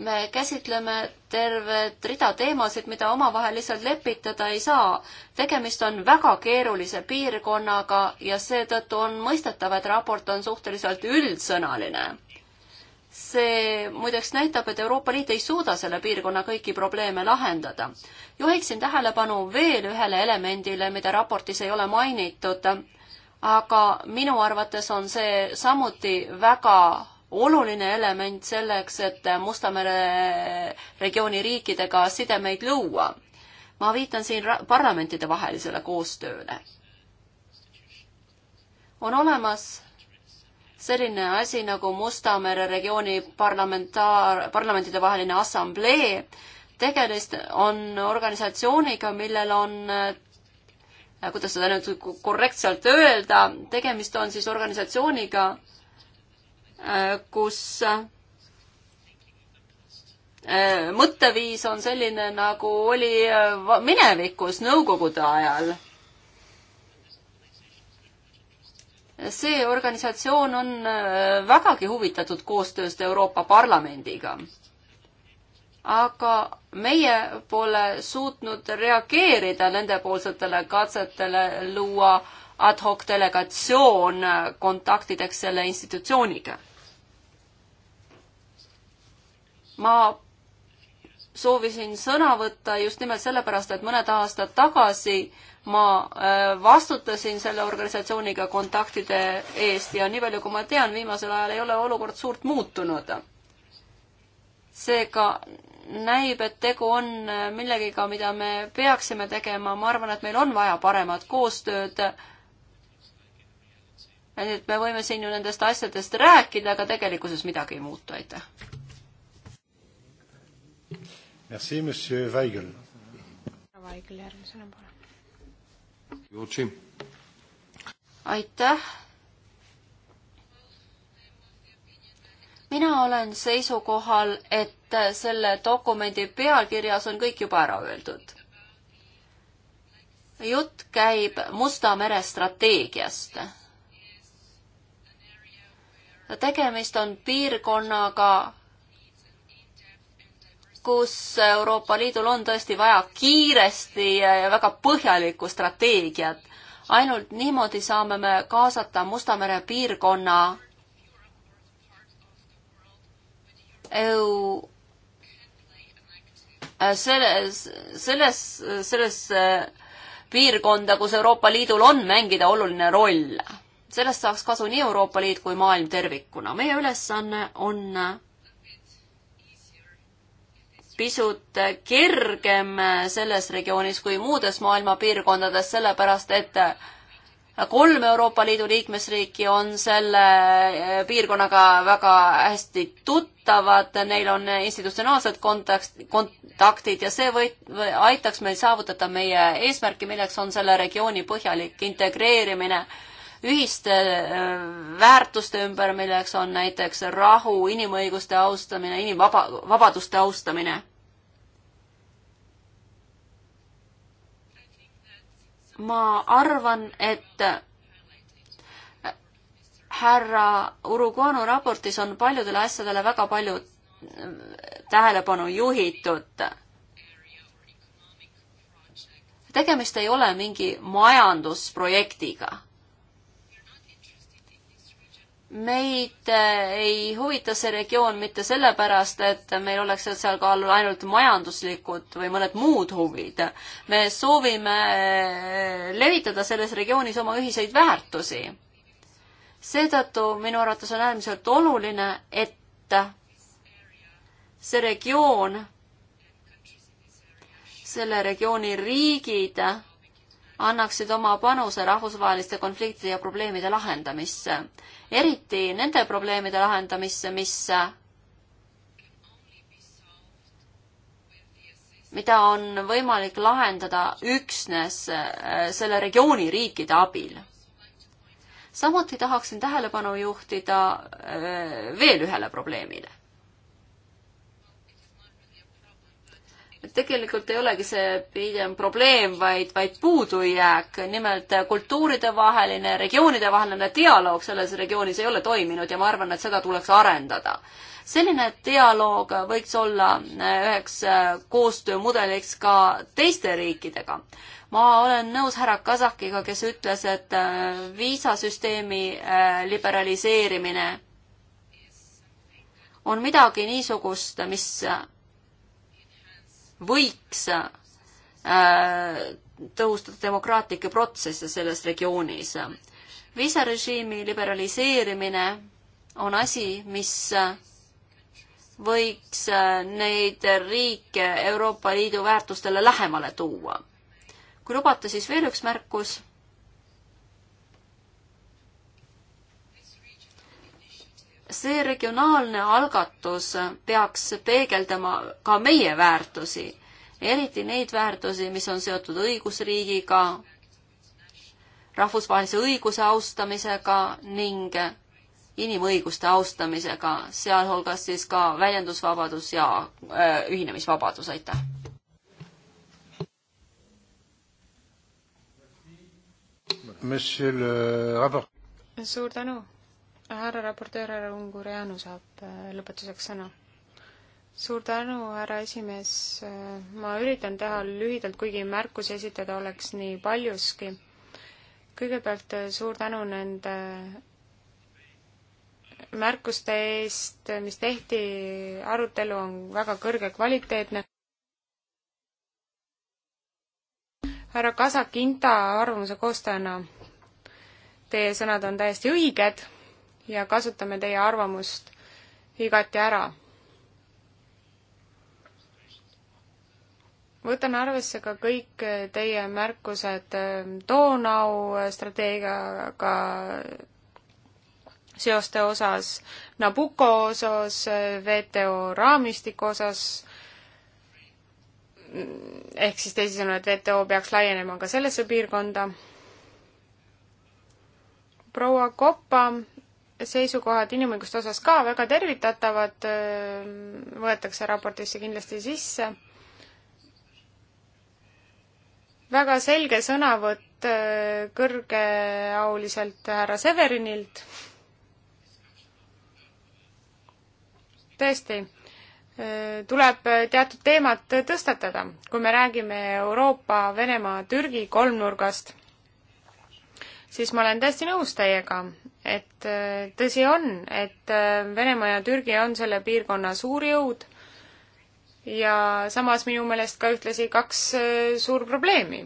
[SPEAKER 3] me käsitleme tervet rida teemasid, mida omavahel lihtsalt lepitada ei saa. tegemist on väga keerulise piirkonnaga ja seetõttu on mõistetav, et raport on suhteliselt üldsõnaline. see muideks näitab, et Euroopa Liit ei suuda selle piirkonna kõiki probleeme lahendada. juhiksin tähelepanu veel ühele elemendile, mida raportis ei ole mainitud, aga minu arvates on see samuti väga oluline element selleks, et Musta mere regiooni riikidega sidemeid luua. ma viitan siin parlamentide vahelisele koostööle. on olemas selline asi nagu Musta mere regiooni parlamentaar, parlamentide vaheline assamblee, tegemist on organisatsiooniga, millel on kuidas seda nüüd korrektselt öelda, tegemist on siis organisatsiooniga, Äh, kus äh, mõtteviis on selline, nagu oli äh, minevikus nõukogude ajal. see organisatsioon on vägagi huvitatud koostööst Euroopa Parlamendiga. aga meie pole suutnud reageerida nendepoolsetele katsetele luua ad hoc delegatsioon kontaktideks selle institutsiooniga ma soovisin sõna võtta just nimelt sellepärast, et mõned aastad tagasi ma äh, vastutasin selle organisatsiooniga kontaktide eest ja nii palju, kui ma tean, viimasel ajal ei ole olukord suurt muutunud. seega näib, et tegu on äh, millegiga, mida me peaksime tegema, ma arvan, et meil on vaja paremat koostööd. et me võime siin ju nendest asjadest rääkida, aga tegelikkuses midagi ei muutu, aitäh.
[SPEAKER 1] Merci, monsieur Vaigel.
[SPEAKER 2] Vaigel järgmisena, palun.
[SPEAKER 3] aitäh. mina olen seisukohal, et selle dokumendi pealkirjas on kõik juba ära öeldud. jutt käib Musta mere strateegiast tegemist on piirkonnaga, kus Euroopa Liidul on tõesti vaja kiiresti ja väga põhjalikku strateegiat. ainult niimoodi saame me kaasata Musta mere piirkonna EU selles, selles, selles piirkonda, kus Euroopa Liidul on mängida oluline roll. sellest saaks kasu nii Euroopa Liit kui maailm tervikuna. meie ülesanne on, on pisut kergem selles regioonis kui muudes maailma piirkondades, sellepärast et kolm Euroopa Liidu liikmesriiki on selle piirkonnaga väga hästi tuttavad, neil on institutsionaalsed kontakt, kontaktid ja see või, või aitaks meil saavutada meie eesmärki, milleks on selle regiooni põhjalik integreerimine ühiste väärtuste ümber, milleks on näiteks rahu, inimõiguste austamine, inimvaba, vabaduste austamine. ma arvan, et härra Uruguano raportis on paljudele asjadele väga palju mm, tähelepanu juhitud. tegemist ei ole mingi majandusprojektiga meid äh, ei huvita see regioon mitte sellepärast, et meil oleks seal ka ainult majanduslikud või mõned muud huvid. me soovime äh, levitada selles regioonis oma ühiseid väärtusi. seetõttu minu arvates on äärmiselt oluline, et see regioon, selle regiooni riigid annaksid oma panuse rahvusvaheliste konfliktide ja probleemide lahendamisse. eriti nende probleemide lahendamisse, mis, mida on võimalik lahendada üksnes äh, selle regiooni riikide abil. samuti tahaksin tähelepanu juhtida äh, veel ühele probleemile tegelikult ei olegi see pigem probleem, vaid, vaid puudujääk. nimelt äh, kultuuridevaheline, regioonidevaheline dialoog selles regioonis ei ole toiminud ja ma arvan, et seda tuleks arendada. selline dialoog võiks olla äh, üheks äh, koostöömudeliks ka teiste riikidega. ma olen nõus härra Kasakiga, kes ütles, et viisasüsteemi liberaliseerimine on midagi niisugust, mis võiks äh, tõhustada demokraatlikke protsesse selles regioonis. viisarežiimi liberaliseerimine on asi, mis äh, võiks äh, neid riike Euroopa Liidu väärtustele lähemale tuua. kui lubate, siis veel üks märkus see regionaalne algatus peaks peegeldama ka meie väärtusi, eriti neid väärtusi, mis on seotud õigusriigiga, rahvusvahelise õiguse austamisega ning inimõiguste austamisega, sealhulgas siis ka väljendusvabadus ja äh, ühinemisvabadus, aitäh!
[SPEAKER 2] suur tänu! härra raportöör, härra Ungureanu saab äh, lõpetuseks sõna. suur tänu, härra esimees, äh, ma üritan teha lühidalt, kuigi märkusi esitada oleks nii paljuski. kõigepealt äh, suur tänu nende märkuste eest, mis tehti, arutelu on väga kõrge kvaliteetne. härra Kasak Inta arvamuse koostajana, teie sõnad on täiesti õiged ja kasutame teie arvamust igati ära. võtan arvesse ka kõik teie märkused ehm, Donau strateegiaga seoste osas, Nabucco osas, WTO raamistiku osas ehk siis teisisõnu, et WTO peaks laienema ka sellesse piirkonda. proua Koppa seisukohad inimõiguste osas ka väga tervitatavad, võetakse raportisse kindlasti sisse. väga selge sõnavõtt kõrgeauliselt härra Severinilt. tõesti, tuleb teatud teemat tõstatada, kui me räägime Euroopa, Venemaa, Türgi kolmnurgast siis ma olen täiesti nõus teiega, et äh, tõsi on, et äh, Venemaa ja Türgi on selle piirkonna suurjõud ja samas minu meelest ka ühtlasi kaks äh, suurprobleemi.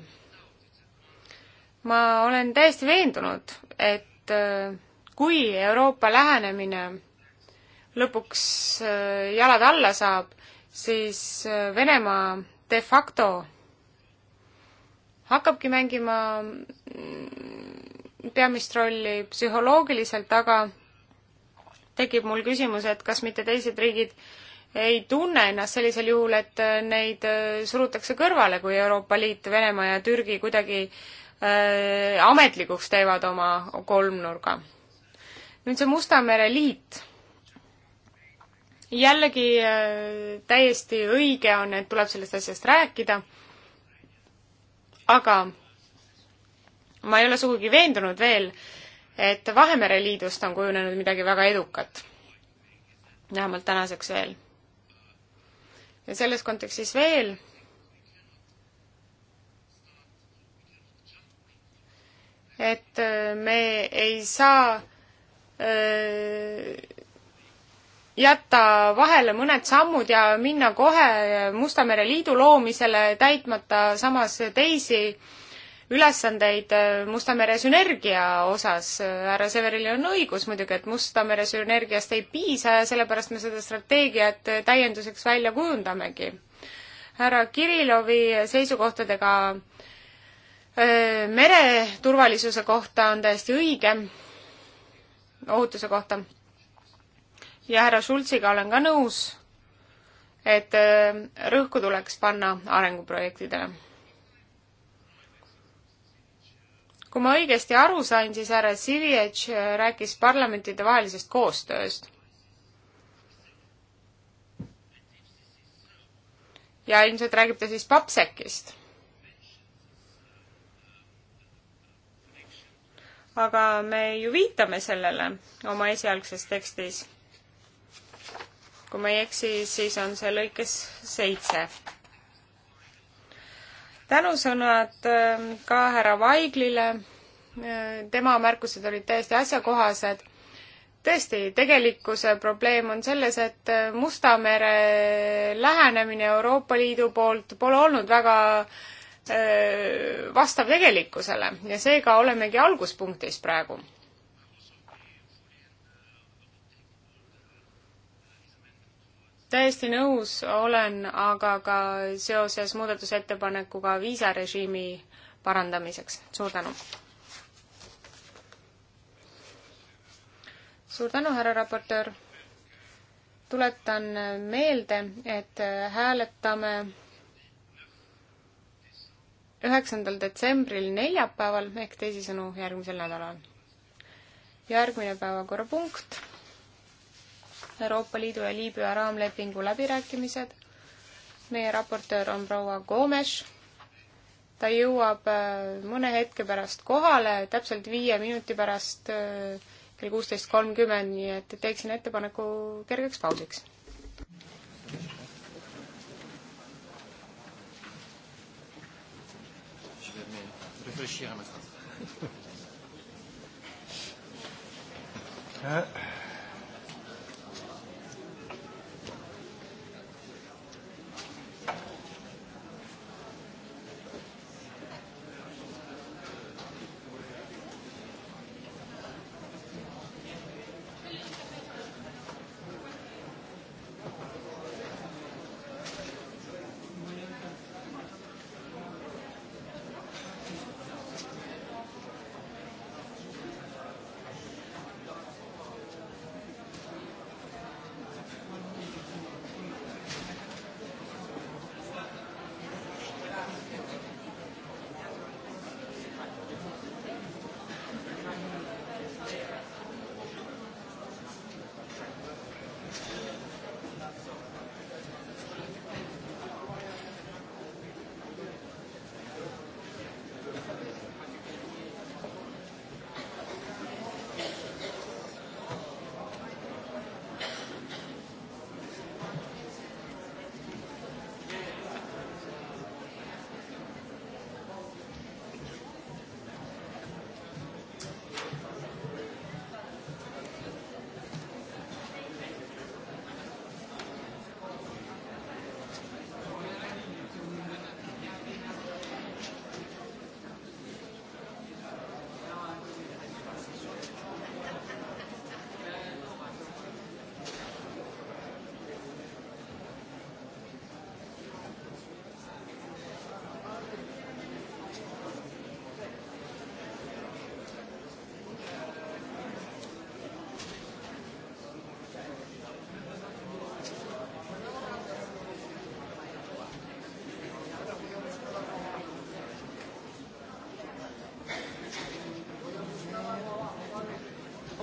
[SPEAKER 2] ma olen täiesti veendunud, et kui Euroopa lähenemine lõpuks jalad alla saab, siis Venemaa de facto hakkabki mängima mm, peamist rolli psühholoogiliselt, aga tekib mul küsimus, et kas mitte teised riigid ei tunne ennast sellisel juhul, et neid äh, surutakse kõrvale, kui Euroopa Liit, Venemaa ja Türgi kuidagi äh, ametlikuks teevad oma kolmnurga. nüüd see Musta mere liit. jällegi äh, täiesti õige on, et tuleb sellest asjast rääkida, aga ma ei ole sugugi veendunud veel, et Vahemere Liidust on kujunenud midagi väga edukat. vähemalt tänaseks veel. ja selles kontekstis veel, et äh, me ei saa öö, äh, jätta vahele mõned sammud ja minna kohe Musta mere liidu loomisele, täitmata samas teisi ülesandeid äh, Musta mere sünergia osas. Äh, härra Severil on õigus muidugi, et Musta mere sünergiast ei piisa ja sellepärast me seda strateegiat äh, täienduseks välja kujundamegi. härra Kirillovi seisukohtadega mereturvalisuse kohta on täiesti õige, ohutuse kohta. ja härra Schultziga olen ka nõus, et rõhku tuleks panna arenguprojektidele kui ma õigesti aru sain, siis härra Sirjetš äh, rääkis parlamentidevahelisest koostööst. ja ilmselt räägib ta siis Papsekist. aga me ju viitame sellele oma esialgses tekstis. kui ma ei eksi, siis on see lõikes seitse tänusõnad ähm, ka härra Vaiglile, äh, tema märkused olid täiesti asjakohased. tõesti, tegelikkuse probleem on selles, et äh, Musta mere lähenemine Euroopa Liidu poolt pole olnud väga äh, vastav tegelikkusele ja seega olemegi alguspunktis praegu täiesti nõus olen aga ka seoses muudatusettepanekuga viisarežiimi parandamiseks. suur tänu! suur tänu, härra raportöör! tuletan meelde, et hääletame üheksandal detsembril neljapäeval ehk teisisõnu järgmisel nädalal. järgmine päevakorrapunkt Euroopa Liidu ja Liibüa raamlepingu läbirääkimised. meie raportöör on proua Gomes. ta jõuab äh, mõne hetke pärast kohale, täpselt viie minuti pärast äh, kell kuusteist kolmkümmend, nii et teeksin ettepaneku kergeks pausiks.
[SPEAKER 1] réfléchir à ma phrase.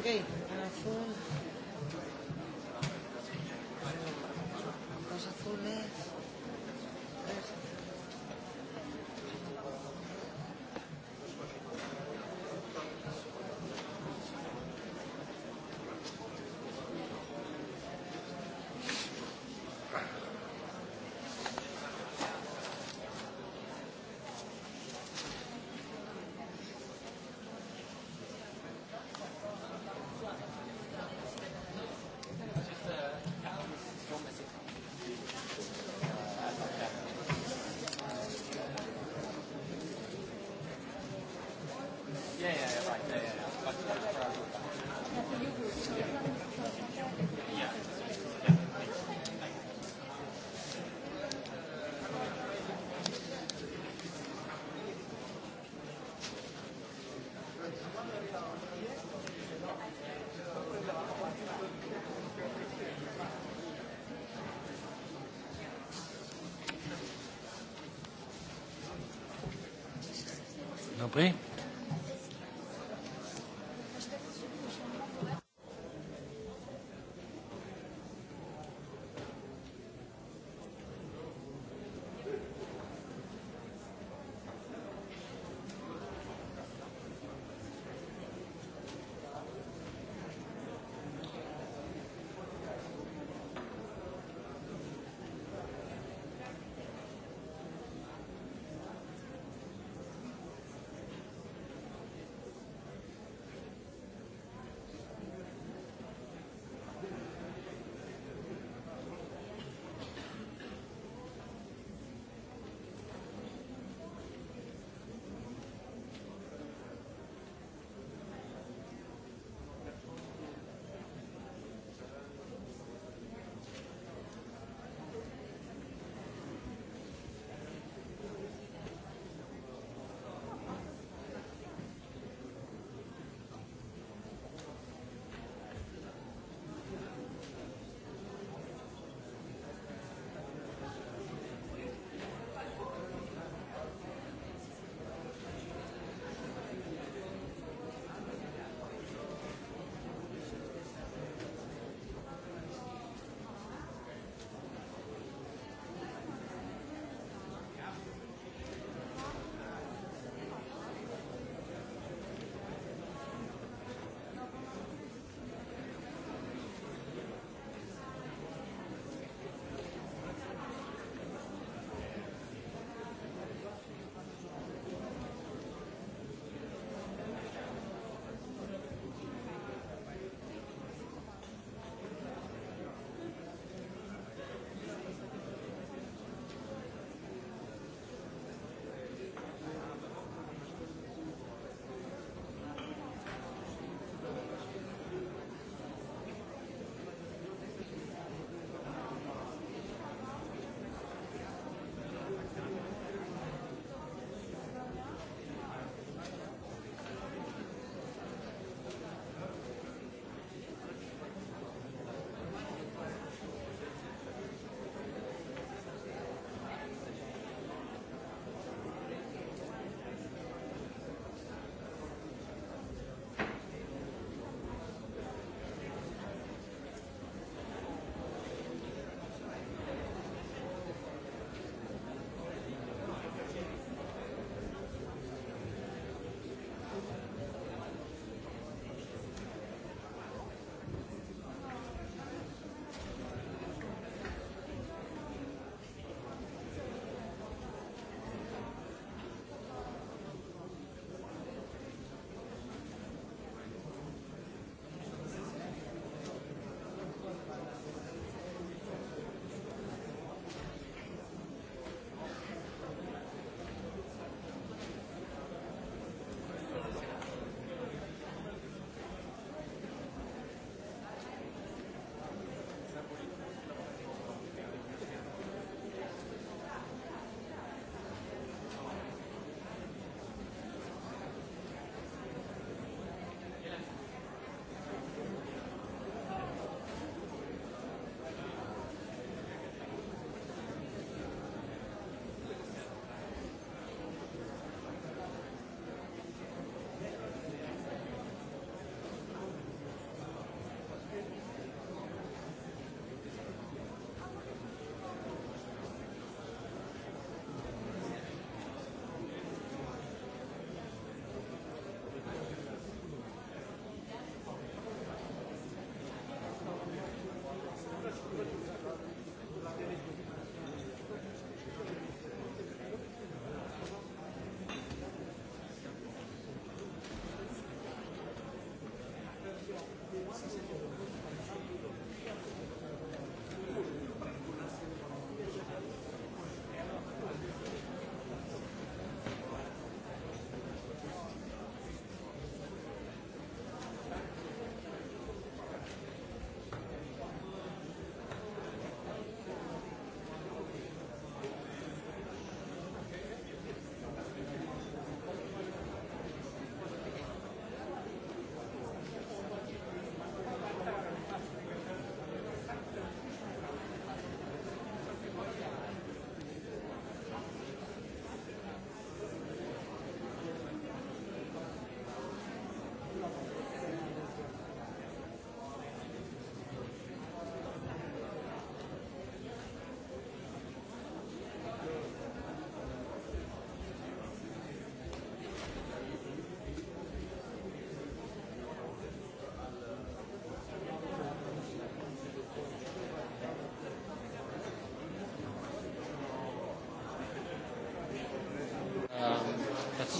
[SPEAKER 1] Okay. Dobrý.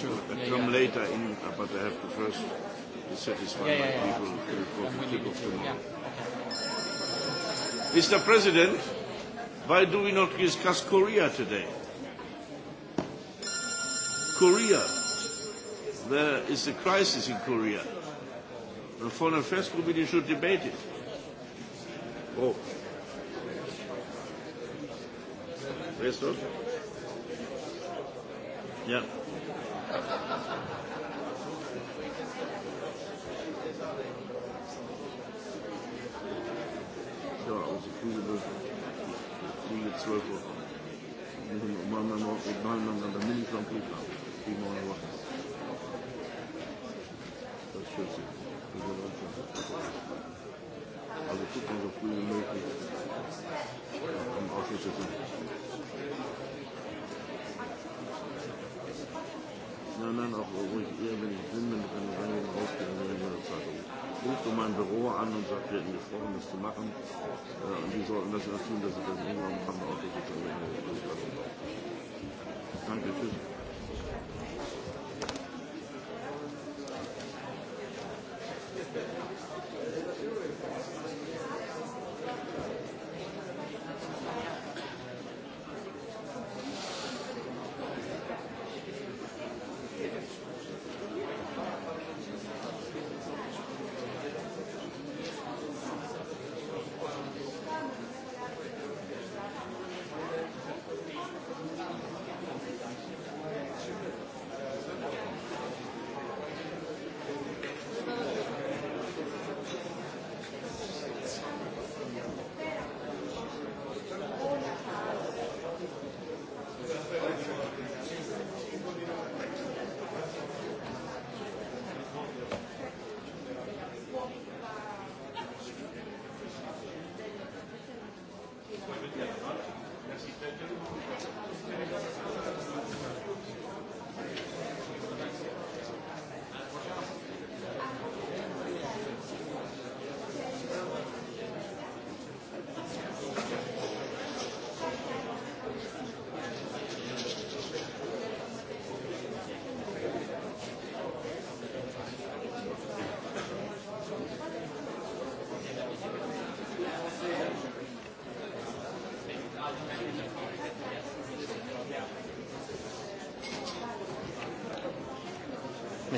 [SPEAKER 2] sure. That yeah, come yeah. later in, uh, but I have to first be satisfied yeah, yeah, yeah, people will kick off tomorrow. Yeah. Okay. Mr. President,
[SPEAKER 1] why do we not discuss Korea today?
[SPEAKER 2] Korea. There is a crisis in Korea. The Foreign Affairs Committee should debate it. Oh. Yes, sir? Yeah. Donnerstag aus der Küche gegen 12 Uhr kommen. Mal mal mal mal mal mal dann bin ich am
[SPEAKER 3] Flughafen. Die morgen wach. Das ist schön. Das ist auch schön. Also guck mal so früh wie möglich am Ausschuss sitzen.
[SPEAKER 2] Nein, nein, auch ruhig eher, wenn ich bin, wenn ich dann reingehen, rausgehen will ruft um mein Büro an und sagt, wir hätten gesprochen, das zu machen. Äh, und die sollten das erst tun, dass sie das hingenommen haben, auch richtig zu Danke, tschüss.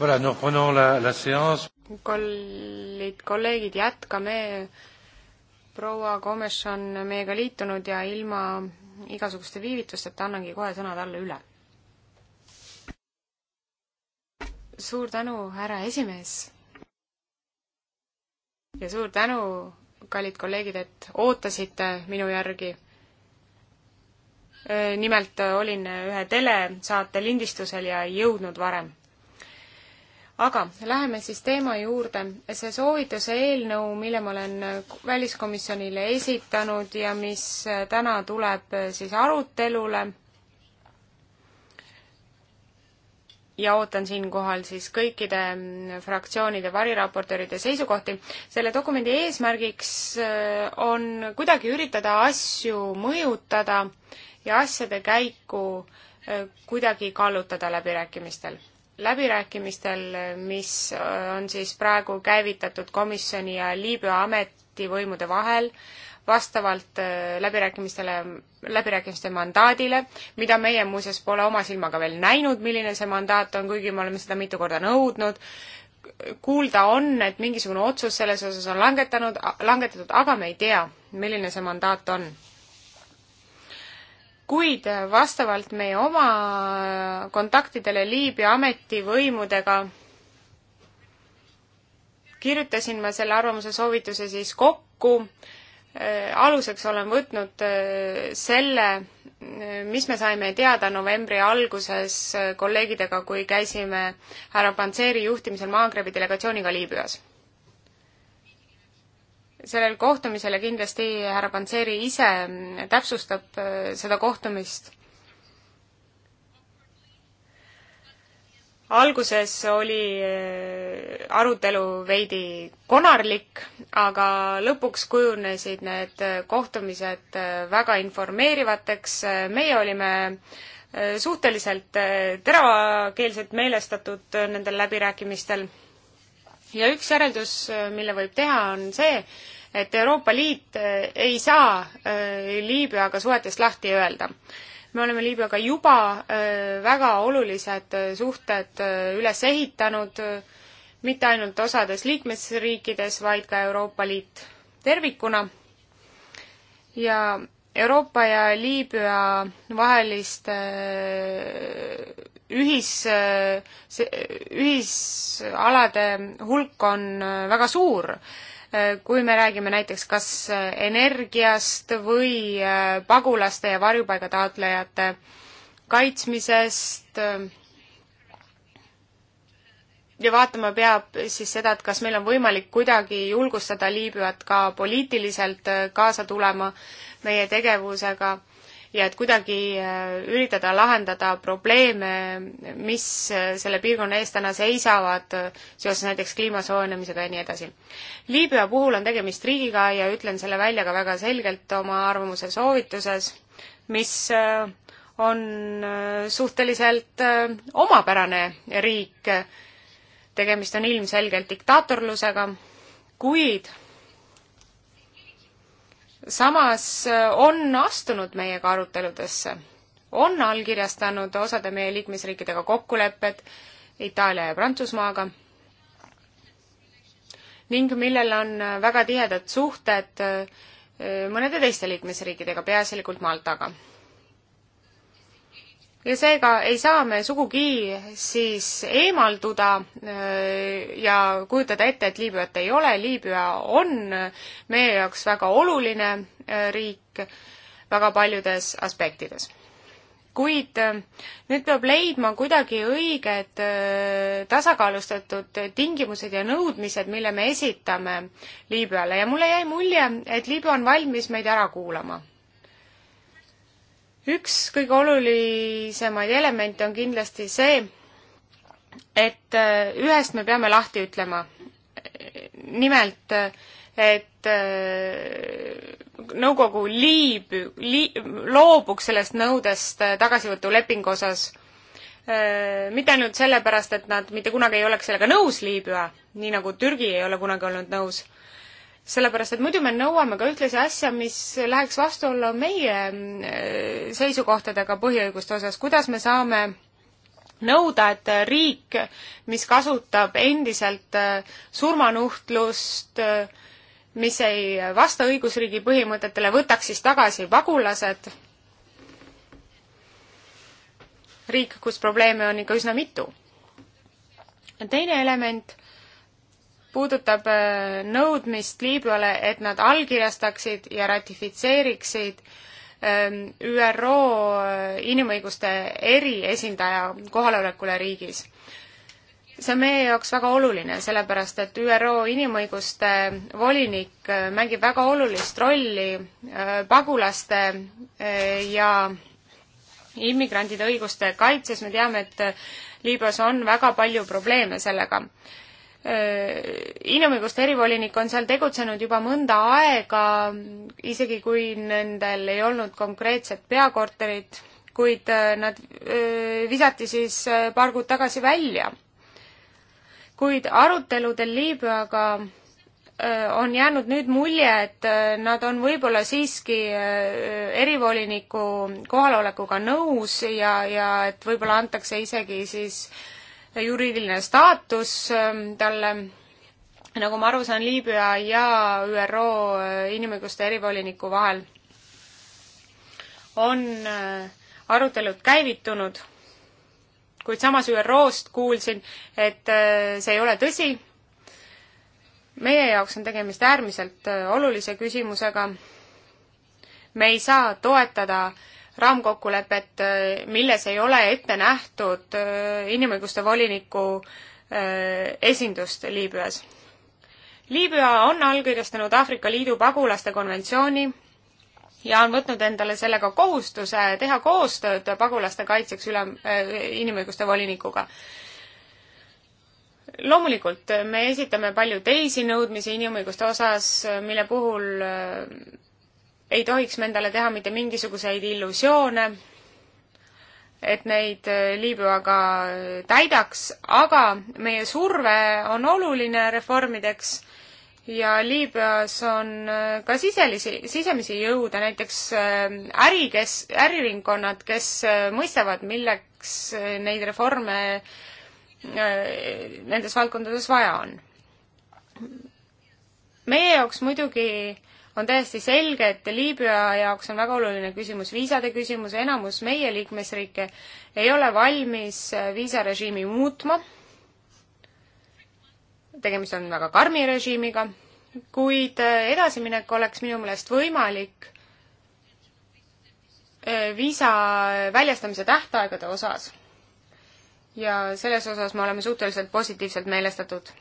[SPEAKER 1] Voilà, nous reprenons la, la séance.
[SPEAKER 2] kallid kolleegid, jätkame. proua Komes on meiega liitunud ja ilma igasuguste viivitusteta annangi kohe sõna talle üle. suur tänu, härra esimees. ja suur tänu, kallid kolleegid, et ootasite minu järgi nimelt olin ühe telesaate lindistusel ja ei jõudnud varem aga läheme siis teema juurde. see soovituse eelnõu, mille ma olen väliskomisjonile esitanud ja mis täna tuleb siis arutelule. ja ootan siinkohal siis kõikide fraktsioonide variraportööride seisukohti. selle dokumendi eesmärgiks äh, on kuidagi üritada asju mõjutada ja asjade käiku äh, kuidagi kallutada läbirääkimistel läbirääkimistel, mis äh, on siis praegu käivitatud komisjoni ja Liibüa ametivõimude vahel, vastavalt äh, läbirääkimistele, läbirääkimiste mandaadile, mida meie muuseas pole oma silmaga veel näinud, milline see mandaat on, kuigi me oleme seda mitu korda nõudnud, kuulda on, et mingisugune otsus selles osas on langetanud, langetatud, aga me ei tea, milline see mandaat on kuid vastavalt meie oma kontaktidele Liibüa ametivõimudega kirjutasin ma selle arvamuse soovituse siis kokku. aluseks olen võtnud äh, selle, äh, mis me saime teada novembri alguses äh, kolleegidega, kui käisime härra Panseri juhtimisel Maagrebi delegatsiooniga Liibüas sellel kohtumisel ja kindlasti härra Panseri ise täpsustab äh, seda kohtumist. alguses oli äh, arutelu veidi konarlik, aga lõpuks kujunesid need kohtumised äh, väga informeerivateks, meie olime suhteliselt teravakeelselt meelestatud nendel läbirääkimistel ja üks järeldus, mille võib teha, on see, et Euroopa Liit eh, ei saa eh, Liibüaga suhetest lahti öelda. me oleme Liibüaga juba eh, väga olulised suhted üles ehitanud, mitte ainult osades liikmesriikides, vaid ka Euroopa Liit tervikuna. ja Euroopa ja Liibüa vaheliste ühis, ühisalade hulk on väga suur kui me räägime näiteks kas äh, energiast või äh, pagulaste ja varjupaiga taotlejate kaitsmisest äh, ja vaatama peab siis seda, et kas meil on võimalik kuidagi julgustada Liibüat ka poliitiliselt kaasa tulema meie tegevusega ja et kuidagi äh, üritada lahendada probleeme, mis äh, selle piirkonna ees täna seisavad äh, seoses näiteks kliima soojenemisega ja nii edasi. Liibüa puhul on tegemist riigiga ja ütlen selle välja ka väga selgelt oma arvamuse soovituses, mis on suhteliselt omapärane riik, tegemist on ilmselgelt diktaatorlusega, kuid samas äh, on astunud meiega aruteludesse, on allkirjastanud osade meie liikmesriikidega kokkulepped Itaalia ja Prantsusmaaga ning millel on äh, väga tihedad suhted äh, mõnede teiste liikmesriikidega, peaasjalikult Maltaga ja seega ei saa me sugugi siis eemalduda äh, ja kujutada ette, et Liibüat ei ole, Liibüa on meie jaoks väga oluline äh, riik väga paljudes aspektides. kuid äh, nüüd peab leidma kuidagi õiged tasakaalustatud tingimused ja nõudmised, mille me esitame Liibüale ja mulle jäi mulje, et Liibüa on valmis meid ära kuulama üks kõige olulisemaid elemente on kindlasti see, et äh, ühest me peame lahti ütlema. nimelt, et äh, nõukogu liib, liib, loobuks sellest nõudest äh, tagasivõtulepingu osas mitte ainult sellepärast, et nad mitte kunagi ei oleks sellega nõus, Liibüa, nii nagu Türgi ei ole kunagi olnud nõus sellepärast, et muidu me nõuame ka ühtlasi asja, mis läheks vastuollu meie äh, seisukohtadega põhiõiguste osas, kuidas me saame nõuda, et riik, mis kasutab endiselt äh, surmanuhtlust, äh, mis ei vasta õigusriigi põhimõtetele, võtaks siis tagasi pagulased, riik, kus probleeme on ikka üsna mitu. teine element puudutab äh, nõudmist Liibüale, et nad allkirjastaksid ja ratifitseeriksid ähm, ÜRO äh, inimõiguste eriesindaja kohalolekule riigis. see on meie jaoks väga oluline, sellepärast et ÜRO inimõiguste volinik äh, mängib väga olulist rolli pagulaste ja immigrantide õiguste kaitses, me teame, et Liibüas on väga palju probleeme sellega Äh, inimõiguste erivolinik on seal tegutsenud juba mõnda aega, isegi kui nendel ei olnud konkreetset peakorterit, kuid äh, nad äh, visati siis paar kuud tagasi välja. kuid aruteludel Liibüaga on jäänud nüüd mulje, et nad on võib-olla siiski erivoliniku kohalolekuga nõus ja, ja et võib-olla antakse isegi siis äh, juriidiline staatus ähm, talle. nagu ma aru saan, Liibüa ja ÜRO äh, inimõiguste erivoliniku vahel on äh, arutelud käivitunud, kuid samas ÜRO-st kuulsin, et äh, see ei ole tõsi. meie jaoks on tegemist äärmiselt olulise küsimusega. me ei saa toetada äh, raamkokkulepet, äh, milles ei ole ette nähtud äh, inimõiguste voliniku äh, esindust Liibüas. Liibüa on allkirjastanud Aafrika Liidu pagulaste konventsiooni ja on võtnud endale sellega kohustuse teha koostööd pagulaste kaitseks üle, inimõiguste volinikuga loomulikult me esitame palju teisi nõudmisi inimõiguste osas, mille puhul ei tohiks me endale teha mitte mingisuguseid illusioone, et neid äh, Liibüaga äh, täidaks, aga meie surve on oluline reformideks ja Liibüas on äh, ka siselisi, sisemisi jõude, näiteks äri, kes, äriringkonnad, kes mõistavad, milleks neid reforme nendes valdkondades vaja on. meie jaoks muidugi on täiesti selge, et Liibüa jaoks on väga oluline küsimus viisade küsimus, enamus meie liikmesriike ei ole valmis äh, viisarežiimi muutma. tegemist on väga karmi režiimiga, kuid äh, edasiminek oleks minu meelest võimalik äh, viisa väljastamise tähtaegade osas. ja selles osas me oleme suhteliselt positiivselt meelestatud.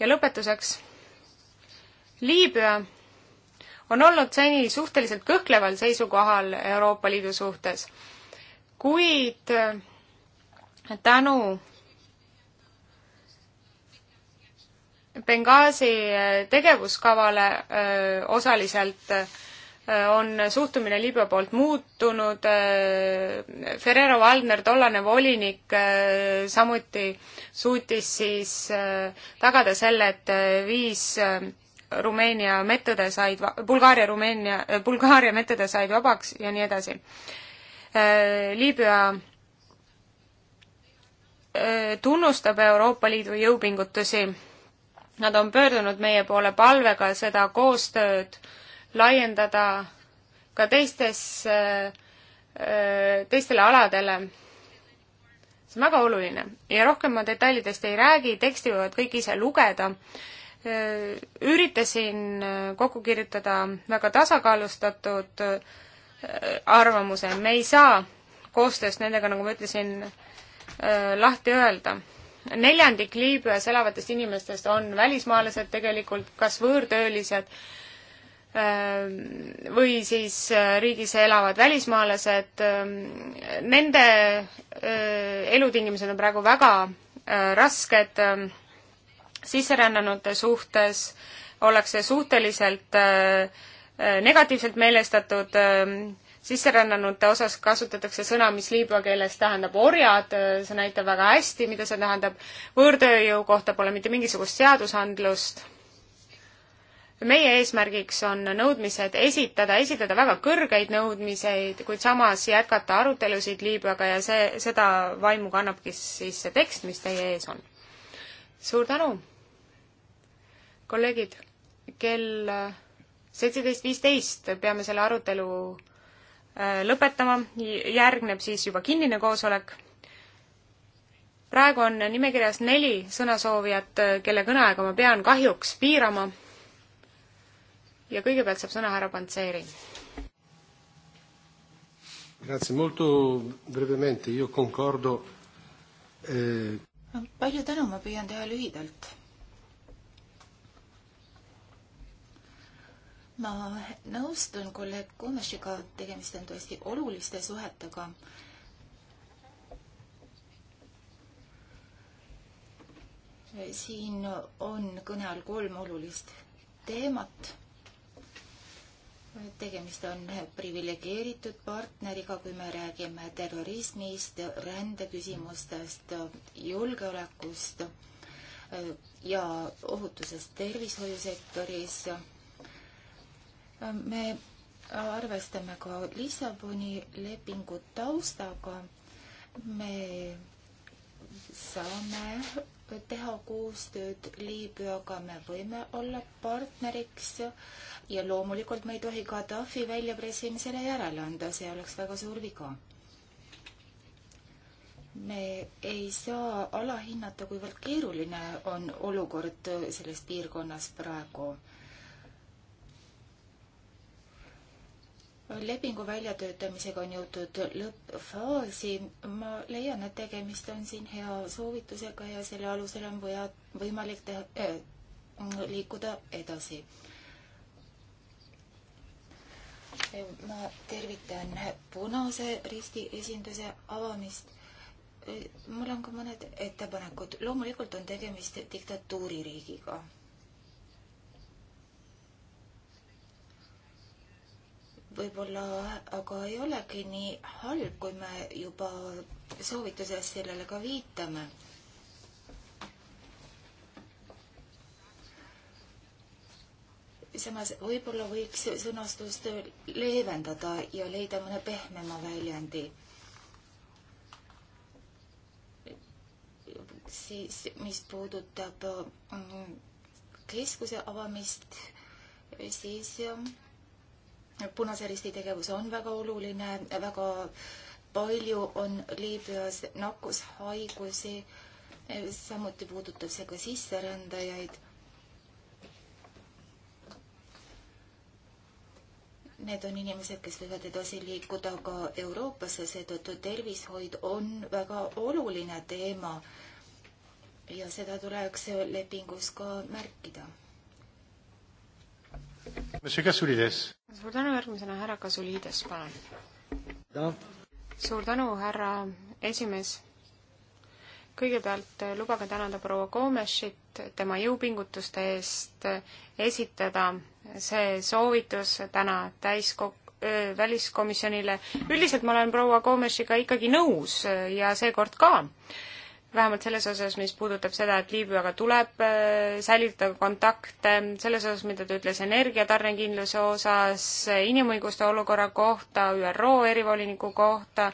[SPEAKER 2] ja lõpetuseks. Liibüa on olnud seni suhteliselt kõhkleval seisukohal Euroopa Liidu suhtes, kuid äh, tänu Benghazi äh, tegevuskavale öö, äh, osaliselt öö, on suhtumine Liibüa poolt muutunud, Ferrero Valdner, tollane volinik, samuti suutis siis tagada selle, et viis Rumeenia mettede said, Bulgaaria, Rumeenia, Bulgaaria mettede said vabaks ja nii edasi. Äh, Liibüa äh, tunnustab Euroopa Liidu jõupingutusi. Nad on pöördunud meie poole palvega seda koostööd laiendada ka teistes, äh, teistele aladele. see on väga oluline ja rohkem ma detailidest ei räägi, teksti võivad kõik ise lugeda Äh, üritasin äh, kokku kirjutada väga tasakaalustatud äh, arvamuse, me ei saa koostöös nendega, nagu ma ütlesin, lahti öelda. neljandik Liibüas elavatest inimestest on välismaalased tegelikult, kas võõrtöölised või siis riigis elavad välismaalased, nende elutingimused on praegu väga rasked sisserännanute suhtes ollakse suhteliselt äh, äh, negatiivselt meelestatud, ähm, sisserännanute osas kasutatakse sõna, mis liibüa keeles tähendab orjad, äh, see näitab väga hästi, mida see tähendab, võõrtööjõu kohta pole mitte mingisugust seadusandlust. meie eesmärgiks on nõudmised esitada, esitada väga kõrgeid nõudmiseid, kuid samas jätkata arutelusid Liibüaga ja see, seda vaimu kannabki siis see tekst, mis teie ees on suur tänu! kolleegid, kell äh, seitseteist viisteist peame selle arutelu äh, lõpetama, järgneb siis juba kinnine koosolek. praegu on nimekirjas neli sõnasoovijat, äh, kelle kõneaega ma pean kahjuks piirama. ja kõigepealt saab sõna härra Pantseri.
[SPEAKER 1] Grazie molto brevemente, io concordo eh palju tänu, ma püüan teha lühidalt. ma nõustun kolleeg Kumešiga, tegemist on tõesti oluliste suhetega. siin on kõne all kolm olulist teemat tegemist on priviligeeritud partneriga, kui me räägime terrorismist, rändeküsimustest, julgeolekust äh, ja ohutusest tervishoiusektoris. me arvestame ka Lissaboni lepingu taustaga. me saame teha koostööd Liibüaga, me võime olla partneriks ja loomulikult me ei tohi Gaddafi väljapressimisele järele anda, see oleks väga suur viga. me ei saa alahinnata, kuivõrd keeruline on olukord selles piirkonnas praegu. lepingu väljatöötamisega on jõutud lõppfaasi. ma leian, et tegemist on siin hea soovitusega ja selle alusel on vaja, võimalik teha äh,, liikuda edasi ma tervitan Punase Risti esinduse avamist. E, mul on ka mõned ettepanekud. loomulikult on tegemist diktatuuririigiga. võib-olla aga ei olegi nii halb, kui me juba soovituses sellele ka viitame samas võib-olla võiks sõnastust leevendada ja leida mõne pehmema väljendi. siis, mis puudutab mm, keskuse avamist, siis mm, Punase Risti tegevus on väga oluline, väga palju on Liibüas nakkushaigusi, samuti puudutab see ka sisserändajaid Need on inimesed, kes võivad edasi liikuda ka Euroopasse, seetõttu tervishoid on väga oluline teema ja seda tuleks lepingus ka märkida. suur
[SPEAKER 2] tänu, järgmisena härra Kasuliides, palun. suur tänu, härra esimees kõigepealt eh, lubage tänada proua Koomešit tema jõupingutuste eest eh, esitada see soovitus täna täiskok-, väliskomisjonile. üldiselt ma olen proua Koomešiga ikkagi nõus eh, ja seekord ka. vähemalt selles osas, mis puudutab seda, et Liibüaga tuleb säilitada kontakte, selles osas, mida ta ütles energiatarnekindluse osas, inimõiguste olukorra kohta, ÜRO erivoliniku kohta,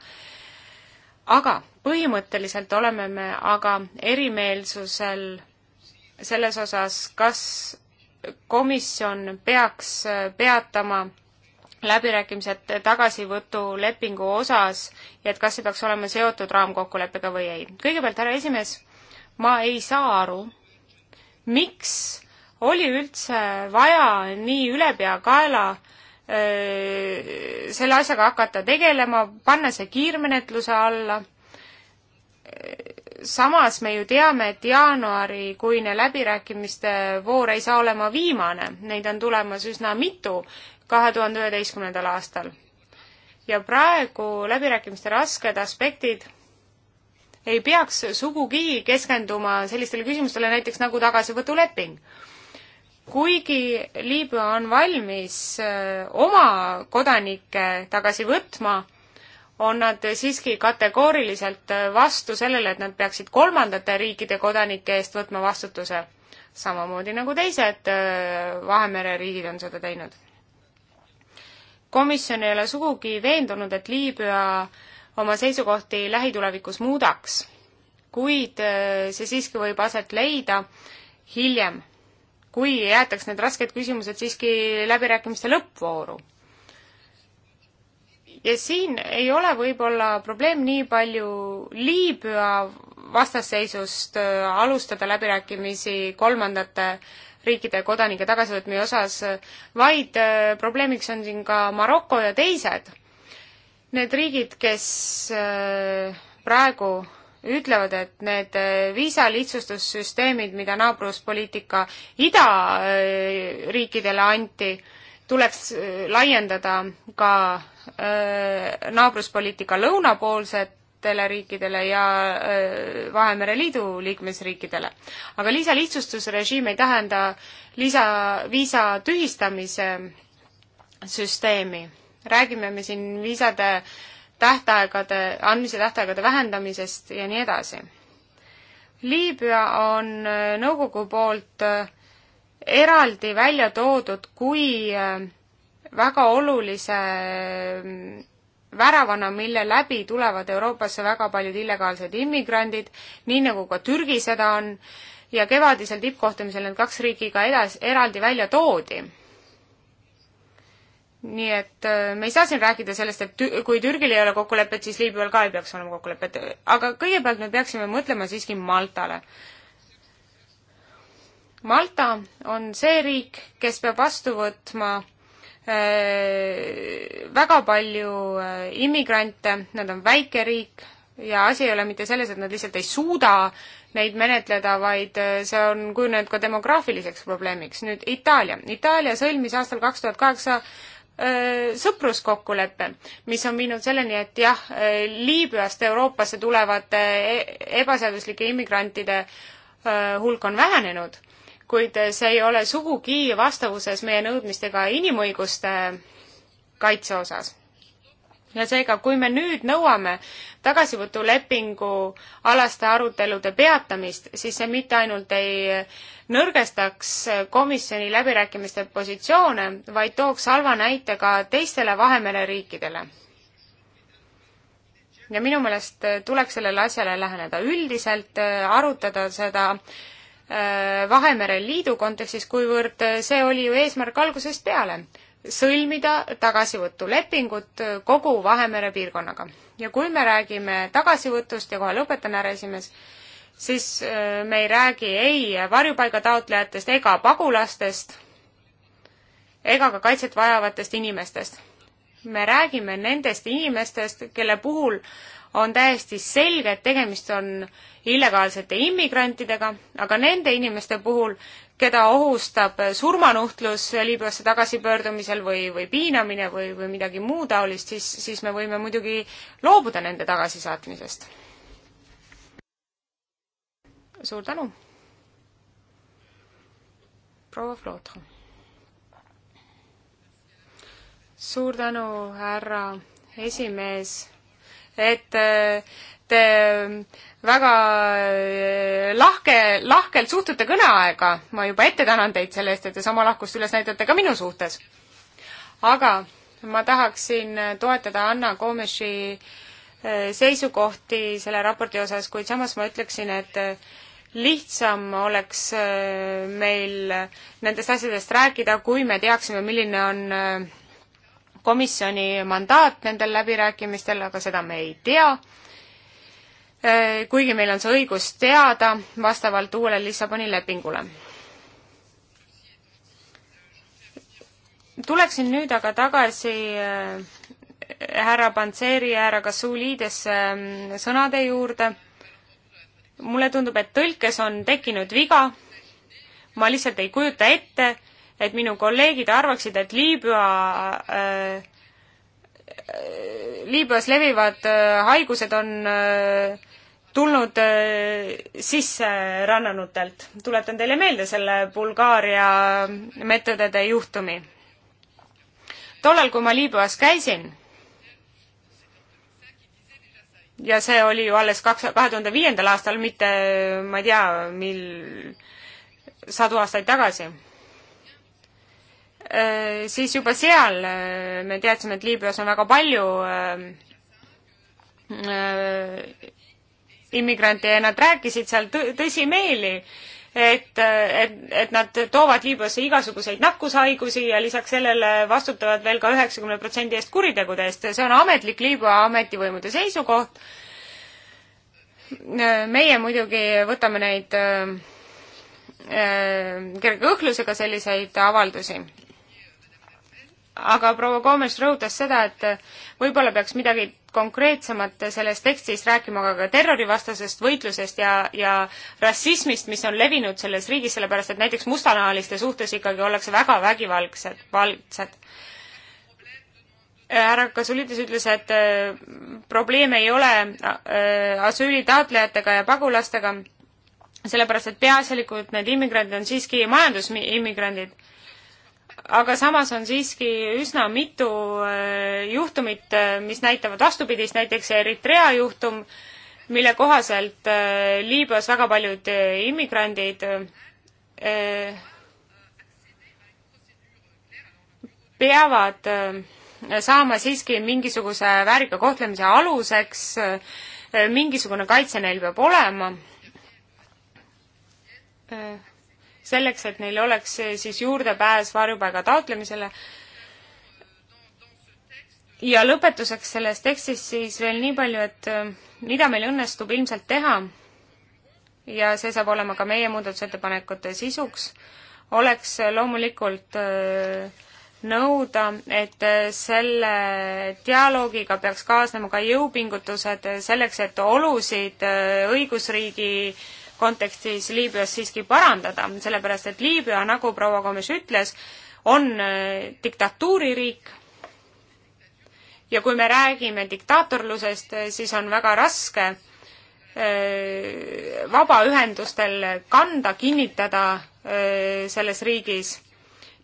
[SPEAKER 2] aga põhimõtteliselt oleme me aga erimeelsusel selles osas, kas komisjon peaks peatama läbirääkimised tagasivõtulepingu osas ja et kas see peaks olema seotud raamkokkuleppega või ei. kõigepealt, härra esimees, ma ei saa aru, miks oli üldse vaja nii ülepeakaela äh, Äh, selle asjaga hakata tegelema, panna see kiirmenetluse alla. Äh, samas me ju teame, et jaanuarikuine läbirääkimiste voor ei saa olema viimane, neid on tulemas üsna mitu kahe tuhande üheteistkümnendal aastal. ja praegu läbirääkimiste rasked aspektid ei peaks sugugi keskenduma sellistele küsimustele näiteks nagu tagasivõtuleping kuigi Liibüa on valmis äh, oma kodanikke tagasi võtma, on nad siiski kategooriliselt äh, vastu sellele, et nad peaksid kolmandate riikide kodanike eest võtma vastutuse. samamoodi nagu teised äh, Vahemere riigid on seda teinud. komisjon ei ole sugugi veendunud, et Liibüa oma seisukohti lähitulevikus muudaks, kuid see siiski võib aset leida hiljem kui jäetaks need rasked küsimused siiski läbirääkimiste lõppvooru. ja siin ei ole võib-olla probleem nii palju Liibüa vastasseisust äh, alustada läbirääkimisi kolmandate riikide kodanike tagasivõtmise osas, vaid äh, probleemiks on siin ka Maroko ja teised. Need riigid, kes äh, praegu ütlevad, et need äh, viisalihtsustussüsteemid, mida naabruspoliitika idariikidele anti, tuleks äh, laiendada ka äh, naabruspoliitika lõunapoolsetele riikidele ja Vahemere Liidu liikmesriikidele. aga lisalihtsustusrežiim ei tähenda lisa, viisa tühistamise süsteemi. räägime me siin viisade äh, tähtaegade, andmise tähtaegade vähendamisest ja nii edasi. Liibüa on äh, nõukogu poolt äh, eraldi välja toodud kui äh, väga olulise väravana, mille läbi tulevad Euroopasse väga paljud illegaalsed immigrandid, nii nagu ka Türgi seda on, ja kevadisel tippkohtumisel need kaks riiki ka edas-, eraldi välja toodi nii et äh, me ei saa siin rääkida sellest, et kui Türgil ei ole kokkulepet, siis Liibüal ka ei peaks olema kokkulepet, aga kõigepealt me peaksime mõtlema siiski Maltale. Malta on see riik, kes peab vastu võtma äh, väga palju äh, immigrante, nad on väike riik ja asi ei ole mitte selles, et nad lihtsalt ei suuda neid menetleda, vaid äh, see on kujunenud ka demograafiliseks probleemiks. nüüd Itaalia. Itaalia sõlmis aastal kaks tuhat kaheksa Äh, sõpruskokkulepe, mis on viinud selleni, et jah, äh, Liibüast Euroopasse tulevate e-, ebaseaduslike immigrantide äh, hulk on vähenenud, kuid see ei ole sugugi vastavuses meie nõudmistega inimõiguste kaitse osas. ja seega, kui me nüüd nõuame tagasivõtulepingu alaste arutelude peatamist, siis see mitte ainult ei äh, nõrgestaks komisjoni läbirääkimiste positsioone, vaid tooks halva näite ka teistele Vahemere riikidele. ja minu meelest tuleks sellele asjale läheneda üldiselt, arutada seda äh, Vahemere Liidu kontekstis, kuivõrd see oli ju eesmärk algusest peale, sõlmida tagasivõtulepingut kogu Vahemere piirkonnaga. ja kui me räägime tagasivõtust ja kohe lõpetan, härra esimees, siis äh, me ei räägi ei varjupaiga taotlejatest ega pagulastest ega ka kaitset vajavatest inimestest. me räägime nendest inimestest, kelle puhul on täiesti selge, et tegemist on illegaalsete immigrantidega, aga nende inimeste puhul, keda ohustab surmanuhtlus Liibüasse tagasipöördumisel või, või piinamine või, või midagi muu taolist, siis, siis me võime muidugi loobuda nende tagasisaatmisest suur tänu. proua Flootho. suur tänu, härra esimees, et äh, te väga äh, lahke, lahkelt suhtute kõneaega. ma juba ette tänan teid selle eest, et te sama lahkust üles näitate ka minu suhtes. aga ma tahaksin toetada Anna Komeši äh, seisukohti selle raporti osas, kuid samas ma ütleksin, et lihtsam oleks äh, meil nendest asjadest rääkida, kui me teaksime, milline on äh, komisjoni mandaat nendel läbirääkimistel, aga seda me ei tea. Äh, kuigi meil on see õigus teada vastavalt uuele Lissaboni lepingule. tuleksin nüüd aga tagasi härra Panseri ja härra Kasuliidesse ähm, sõnade juurde mulle tundub, et tõlkes on tekkinud viga. ma lihtsalt ei kujuta ette, et minu kolleegid arvaksid, et Liibüa äh, Liibüas levivad äh, haigused on äh, tulnud äh, sisserännanutelt. tuletan teile meelde selle Bulgaaria meetodide juhtumi. tollal, kui ma Liibüas käisin ja see oli ju alles kaks, kahe tuhande viiendal aastal, mitte ma ei tea, mil, sadu aastaid tagasi. Äh, siis juba seal äh, me teadsime, et Liibüas on väga palju äh, immigrante ja nad rääkisid seal tõ-, tõsimeeli äh, et, et, et nad toovad Liibüasse igasuguseid nakkushaigusi ja lisaks sellele vastutavad veel ka üheksakümne protsendi eest kuritegude eest. see on ametlik Liibüa ametivõimude seisukoht. meie muidugi võtame neid kerge äh, äh, kõhklusega selliseid avaldusi aga proua Gomes rõhutas seda, et võib-olla peaks midagi konkreetsemat selles tekstis, rääkima ka, ka terrorivastasest võitlusest ja, ja rassismist, mis on levinud selles riigis, sellepärast et näiteks mustanahaliste suhtes ikkagi ollakse väga vägivaldsed, valdsed. Äh, härra Kasulides ütles, et äh, probleem ei ole äh, asüülitaotlejatega ja pagulastega, sellepärast et peaasjalikult need immigrandid on siiski majandusimmigrandid aga samas on siiski üsna mitu äh, juhtumit, äh, mis näitavad vastupidist, näiteks Eritrea juhtum, mille kohaselt äh, Liibüas väga paljud immigrandid peavad saama siiski mingisuguse väärika kohtlemise aluseks, mingisugune kaitse neil peab olema selleks, et neil oleks eh, siis juurdepääs varjupaiga taotlemisele. ja lõpetuseks selles tekstis siis veel nii palju, et eh, mida meil õnnestub ilmselt teha ja see saab olema ka meie muudatusettepanekute sisuks, oleks loomulikult eh, nõuda, et selle dialoogiga peaks kaasnema ka jõupingutused selleks, et olusid õigusriigi äh, kontekstis Liibüas siiski parandada, sellepärast et Liibüa, nagu proua Gomes ütles, on äh, diktatuuririik ja kui me räägime diktaatorlusest, äh, siis on väga raske äh, vabaühendustel kanda, kinnitada selles riigis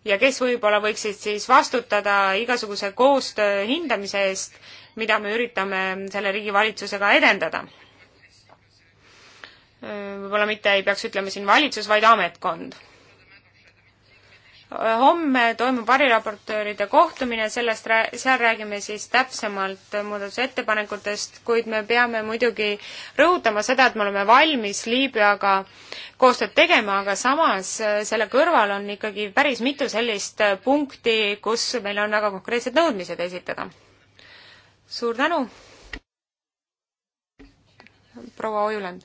[SPEAKER 2] ja kes võib-olla võiksid siis vastutada igasuguse koostöö hindamise eest, mida me üritame selle riigi valitsusega edendada võib-olla mitte ei peaks ütlema siin valitsus, vaid ametkond. homme toimub variraportööride kohtumine, sellest, seal räägime siis täpsemalt muudatusettepanekutest, kuid me peame muidugi rõhutama seda, et me oleme valmis Liibüaga koostööd tegema, aga samas äh, selle kõrval on ikkagi päris mitu sellist äh, punkti, kus meil on väga konkreetsed nõudmised esitada. suur tänu!
[SPEAKER 3] proua Ojuland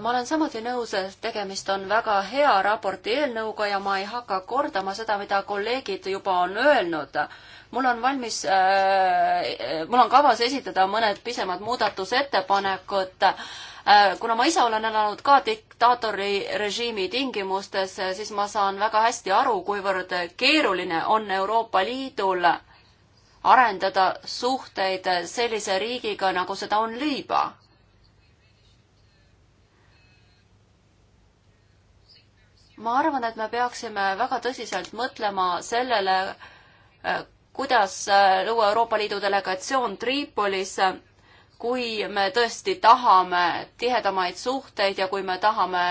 [SPEAKER 3] ma olen samuti nõus, et tegemist on väga hea raporti eelnõuga ja ma ei hakka kordama seda, mida kolleegid juba on öelnud. mul on valmis äh,, mul on kavas esitada mõned pisemad muudatusettepanekud äh,. kuna ma ise olen elanud ka diktaatori režiimi tingimustes, siis ma saan väga hästi aru, kuivõrd keeruline on Euroopa Liidul arendada suhteid sellise riigiga, nagu seda on Liiba ma arvan, et me peaksime väga tõsiselt mõtlema sellele, äh, kuidas äh, luua Euroopa Liidu delegatsioon Tripolis, äh, kui me tõesti tahame tihedamaid suhteid ja kui me tahame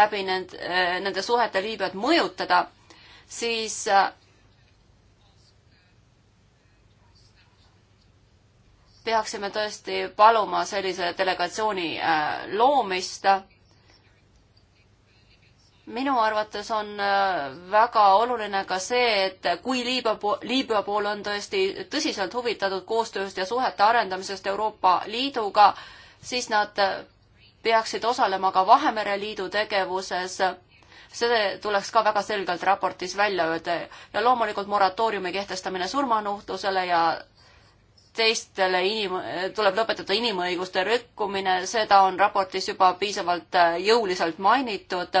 [SPEAKER 3] läbi nend-, nende suhete Liibüat mõjutada, siis peaksime tõesti paluma sellise delegatsiooni loomist minu arvates on äh, väga oluline ka see, et kui Liibüa, Liibüa pool on tõesti tõsiselt huvitatud koostööst ja suhete arendamisest Euroopa Liiduga, siis nad äh, peaksid osalema ka Vahemere Liidu tegevuses. see tuleks ka väga selgelt raportis välja öelda ja loomulikult moratooriumi kehtestamine surmanuhtlusele ja teistele inim-, tuleb lõpetada inimõiguste rikkumine, seda on raportis juba piisavalt äh, jõuliselt mainitud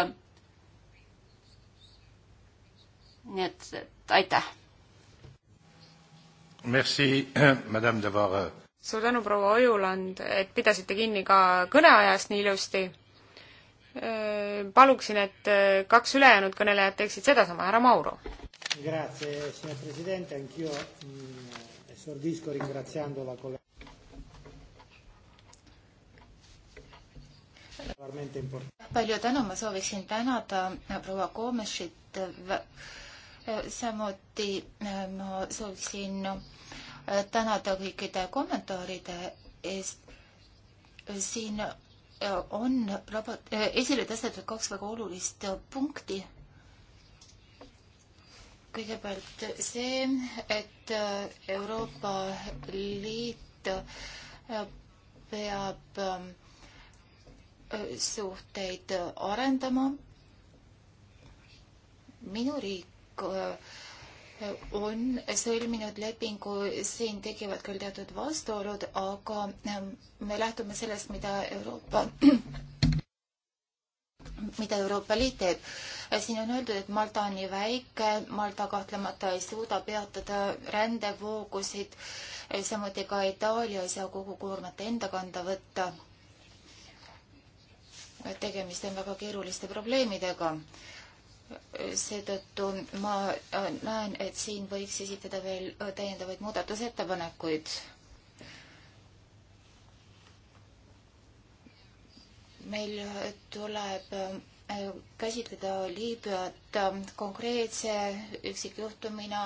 [SPEAKER 3] nii et, et aitäh.
[SPEAKER 1] Merci, madame d'avoir euh,
[SPEAKER 2] suur tänu, proua Ojuland, et pidasite kinni ka kõneajast nii ilusti. Äh, paluksin, et äh, kaks ülejäänud kõnelejat teeksid sedasama, härra Mauro. Mm,
[SPEAKER 1] palju tänu, ma sooviksin tänada proua Koomešit samuti äh, ma sooviksin äh, tänada kõikide kommentaaride eest. siin äh, on esile tõstetud kaks väga olulist punkti. kõigepealt see, et Euroopa Liit peab ähm, suhteid arendama. minu riik Äh, äh, on sõlminud lepingu, siin tekivad küll teatud vastuolud, aga ähm, me lähtume sellest, mida Euroopa, mida Euroopa Liit teeb. Äh, siin on öeldud, et Malta on nii väike, Malta kahtlemata ei suuda peatada rändevoogusid, samuti ka Itaalia ei saa kogu koormat enda kanda võtta. tegemist on väga keeruliste probleemidega seetõttu ma äh, näen, et siin võiks esitada veel äh, täiendavaid muudatusettepanekuid. meil äh, tuleb käsitleda Liibüat konkreetse üksikjuhtumina.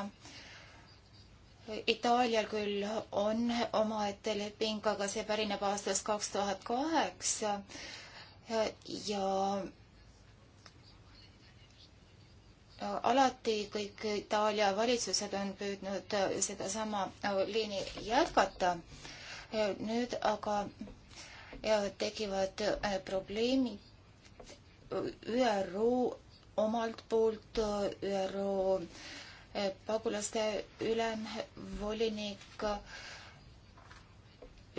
[SPEAKER 1] Itaalial küll on omaette leping, aga see pärineb aastast kaks tuhat kaheksa ja, ja alati kõik Itaalia valitsused on püüdnud äh, sedasama äh, liini jätkata. Äh, nüüd aga tekivad probleemid. ÜRO omalt poolt, ÜRO pagulaste ülemvolinik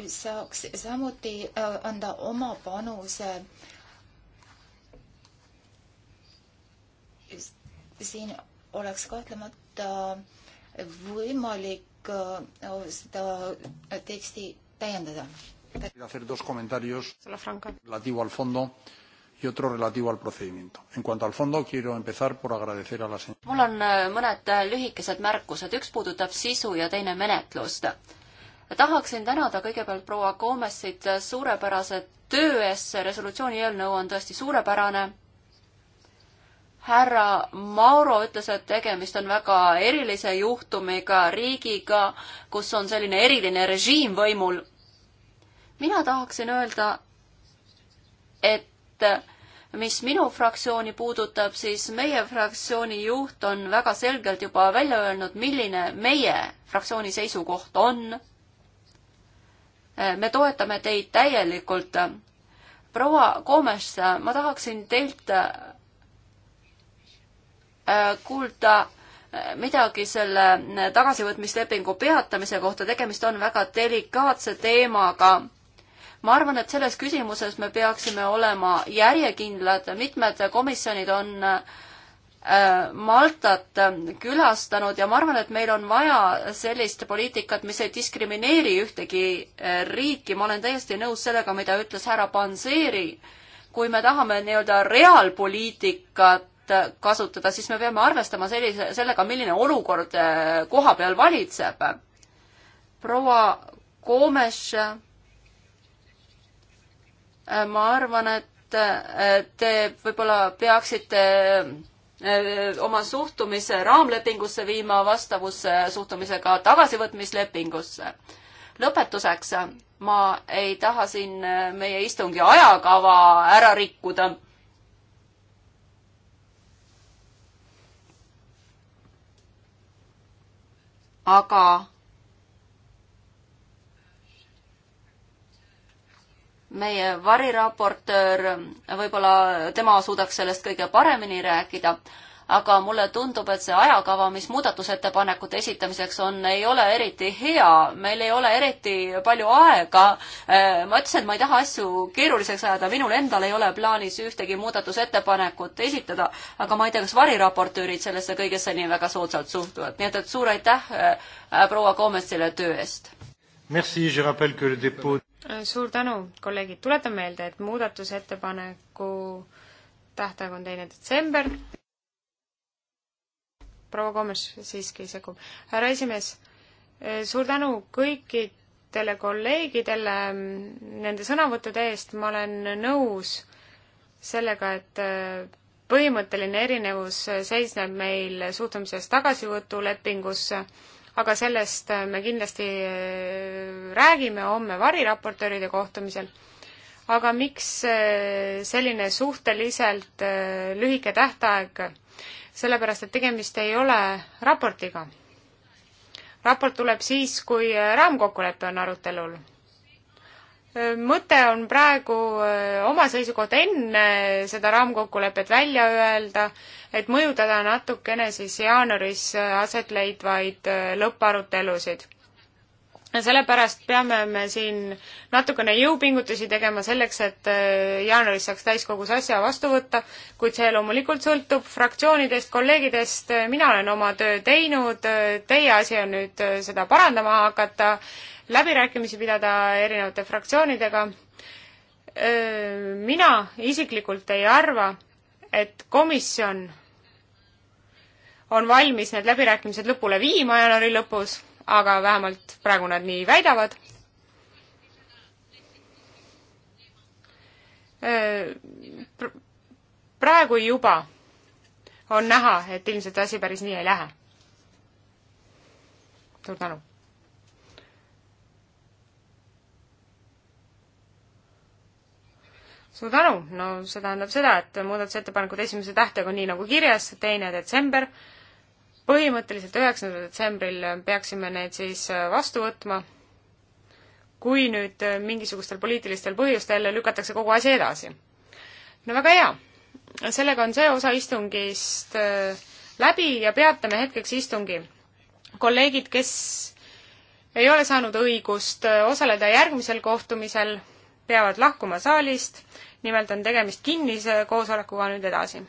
[SPEAKER 1] saaks samuti anda oma panuse äh, siin oleks kahtlemata võimalik äh, seda teksti täiendada. Hacer dos comentarios relativo al fondo y otro relativo al procedimiento. En cuanto al fondo, quiero empezar por agradecer a la señora.
[SPEAKER 3] mul on äh, mõned äh, lühikesed märkused, üks puudutab sisu ja teine menetlust. tahaksin tänada kõigepealt proua Gomesit suurepärase töö eest, see resolutsiooni eelnõu on tõesti suurepärane härra Mauro ütles, et tegemist on väga erilise juhtumiga riigiga, kus on selline eriline režiim võimul. mina tahaksin öelda, et mis minu fraktsiooni puudutab, siis meie fraktsiooni juht on väga selgelt juba välja öelnud, milline meie fraktsiooni seisukoht on. me toetame teid täielikult. proua Komes, ma tahaksin teilt Äh, kuulda äh, midagi selle äh, tagasivõtmislepingu peatamise kohta, tegemist on väga delikaatse teemaga. ma arvan, et selles küsimuses me peaksime olema järjekindlad, mitmed komisjonid on Maltat külastanud ja ma arvan, et meil on vaja sellist poliitikat, mis ei diskrimineeri ühtegi riiki, ma olen täiesti nõus sellega, mida ütles härra Panseri, kui me tahame nii-öelda reaalpoliitikat kasutada, siis me peame arvestama sellise, sellega, milline olukord eh, koha peal valitseb. proua Koomes, eh, ma arvan, et eh, te võib-olla peaksite oma suhtumise raamlepingusse viima vastavusse suhtumisega tagasivõtmislepingusse. lõpetuseks, ma ei taha siin meie istungi ajakava ära rikkuda aga meie variraportöör, võib-olla tema suudaks sellest kõige paremini rääkida, aga mulle tundub, et see ajakava, mis muudatusettepanekute esitamiseks on, ei ole eriti hea, meil ei ole eriti palju aega. Äh, ma ütlesin, et ma ei taha asju keeruliseks ajada, minul endal ei ole plaanis ühtegi muudatusettepanekut esitada, aga ma ei tea, kas variraportöörid sellesse kõigesse nii väga soodsalt suhtuvad, nii et, et suur aitäh äh, proua Koometsile töö eest!
[SPEAKER 1] Merci, je rappelle que le dépôt
[SPEAKER 3] äh, suur tänu, kolleegid, tuletan meelde, et
[SPEAKER 2] muudatusettepaneku tähtaeg on teine detsember proua Komes siiski segub. härra esimees, eh, suur tänu kõikidele kolleegidele mm, nende sõnavõttude eest, ma olen nõus sellega, et eh, põhimõtteline erinevus seisneb meil suhtumises tagasivõtulepingusse, aga sellest eh, me kindlasti räägime homme variraportööride kohtumisel. aga miks selline suhteliselt lühike tähtaeg sellepärast et tegemist ei ole raportiga. raport tuleb siis, kui raamkokkulepe on arutelul. mõte on praegu äh, oma seisukohta enne seda raamkokkulepet välja öelda, et mõjutada natukene siis jaanuaris aset leidvaid äh, lõpparutelusid sellepärast peame me siin natukene jõupingutusi tegema selleks, et äh, jaanuaris saaks täiskogus asja vastu võtta, kuid see loomulikult sõltub fraktsioonidest, kolleegidest, mina olen oma töö teinud, teie asi on nüüd äh, seda parandama hakata, läbirääkimisi pidada erinevate fraktsioonidega. Äh, mina isiklikult ei arva, et komisjon on valmis need läbirääkimised lõpule viima jaanuari lõpus aga vähemalt praegu nad nii väidavad. Äh, praegu juba on näha, et ilmselt asi päris nii ei lähe. suur tänu. suur tänu, no see tähendab seda, et muudatusettepanekud esimese tähtega on nii nagu kirjas, teine detsember põhimõtteliselt üheksandal detsembril peaksime need siis äh, vastu võtma, kui nüüd äh, mingisugustel poliitilistel põhjustel lükatakse kogu asi edasi. no väga hea, sellega on see osa istungist äh, läbi ja peatame hetkeks istungi. kolleegid, kes ei ole saanud õigust osaleda järgmisel kohtumisel, peavad lahkuma saalist, nimelt on tegemist kinnise koosolekuga nüüd edasi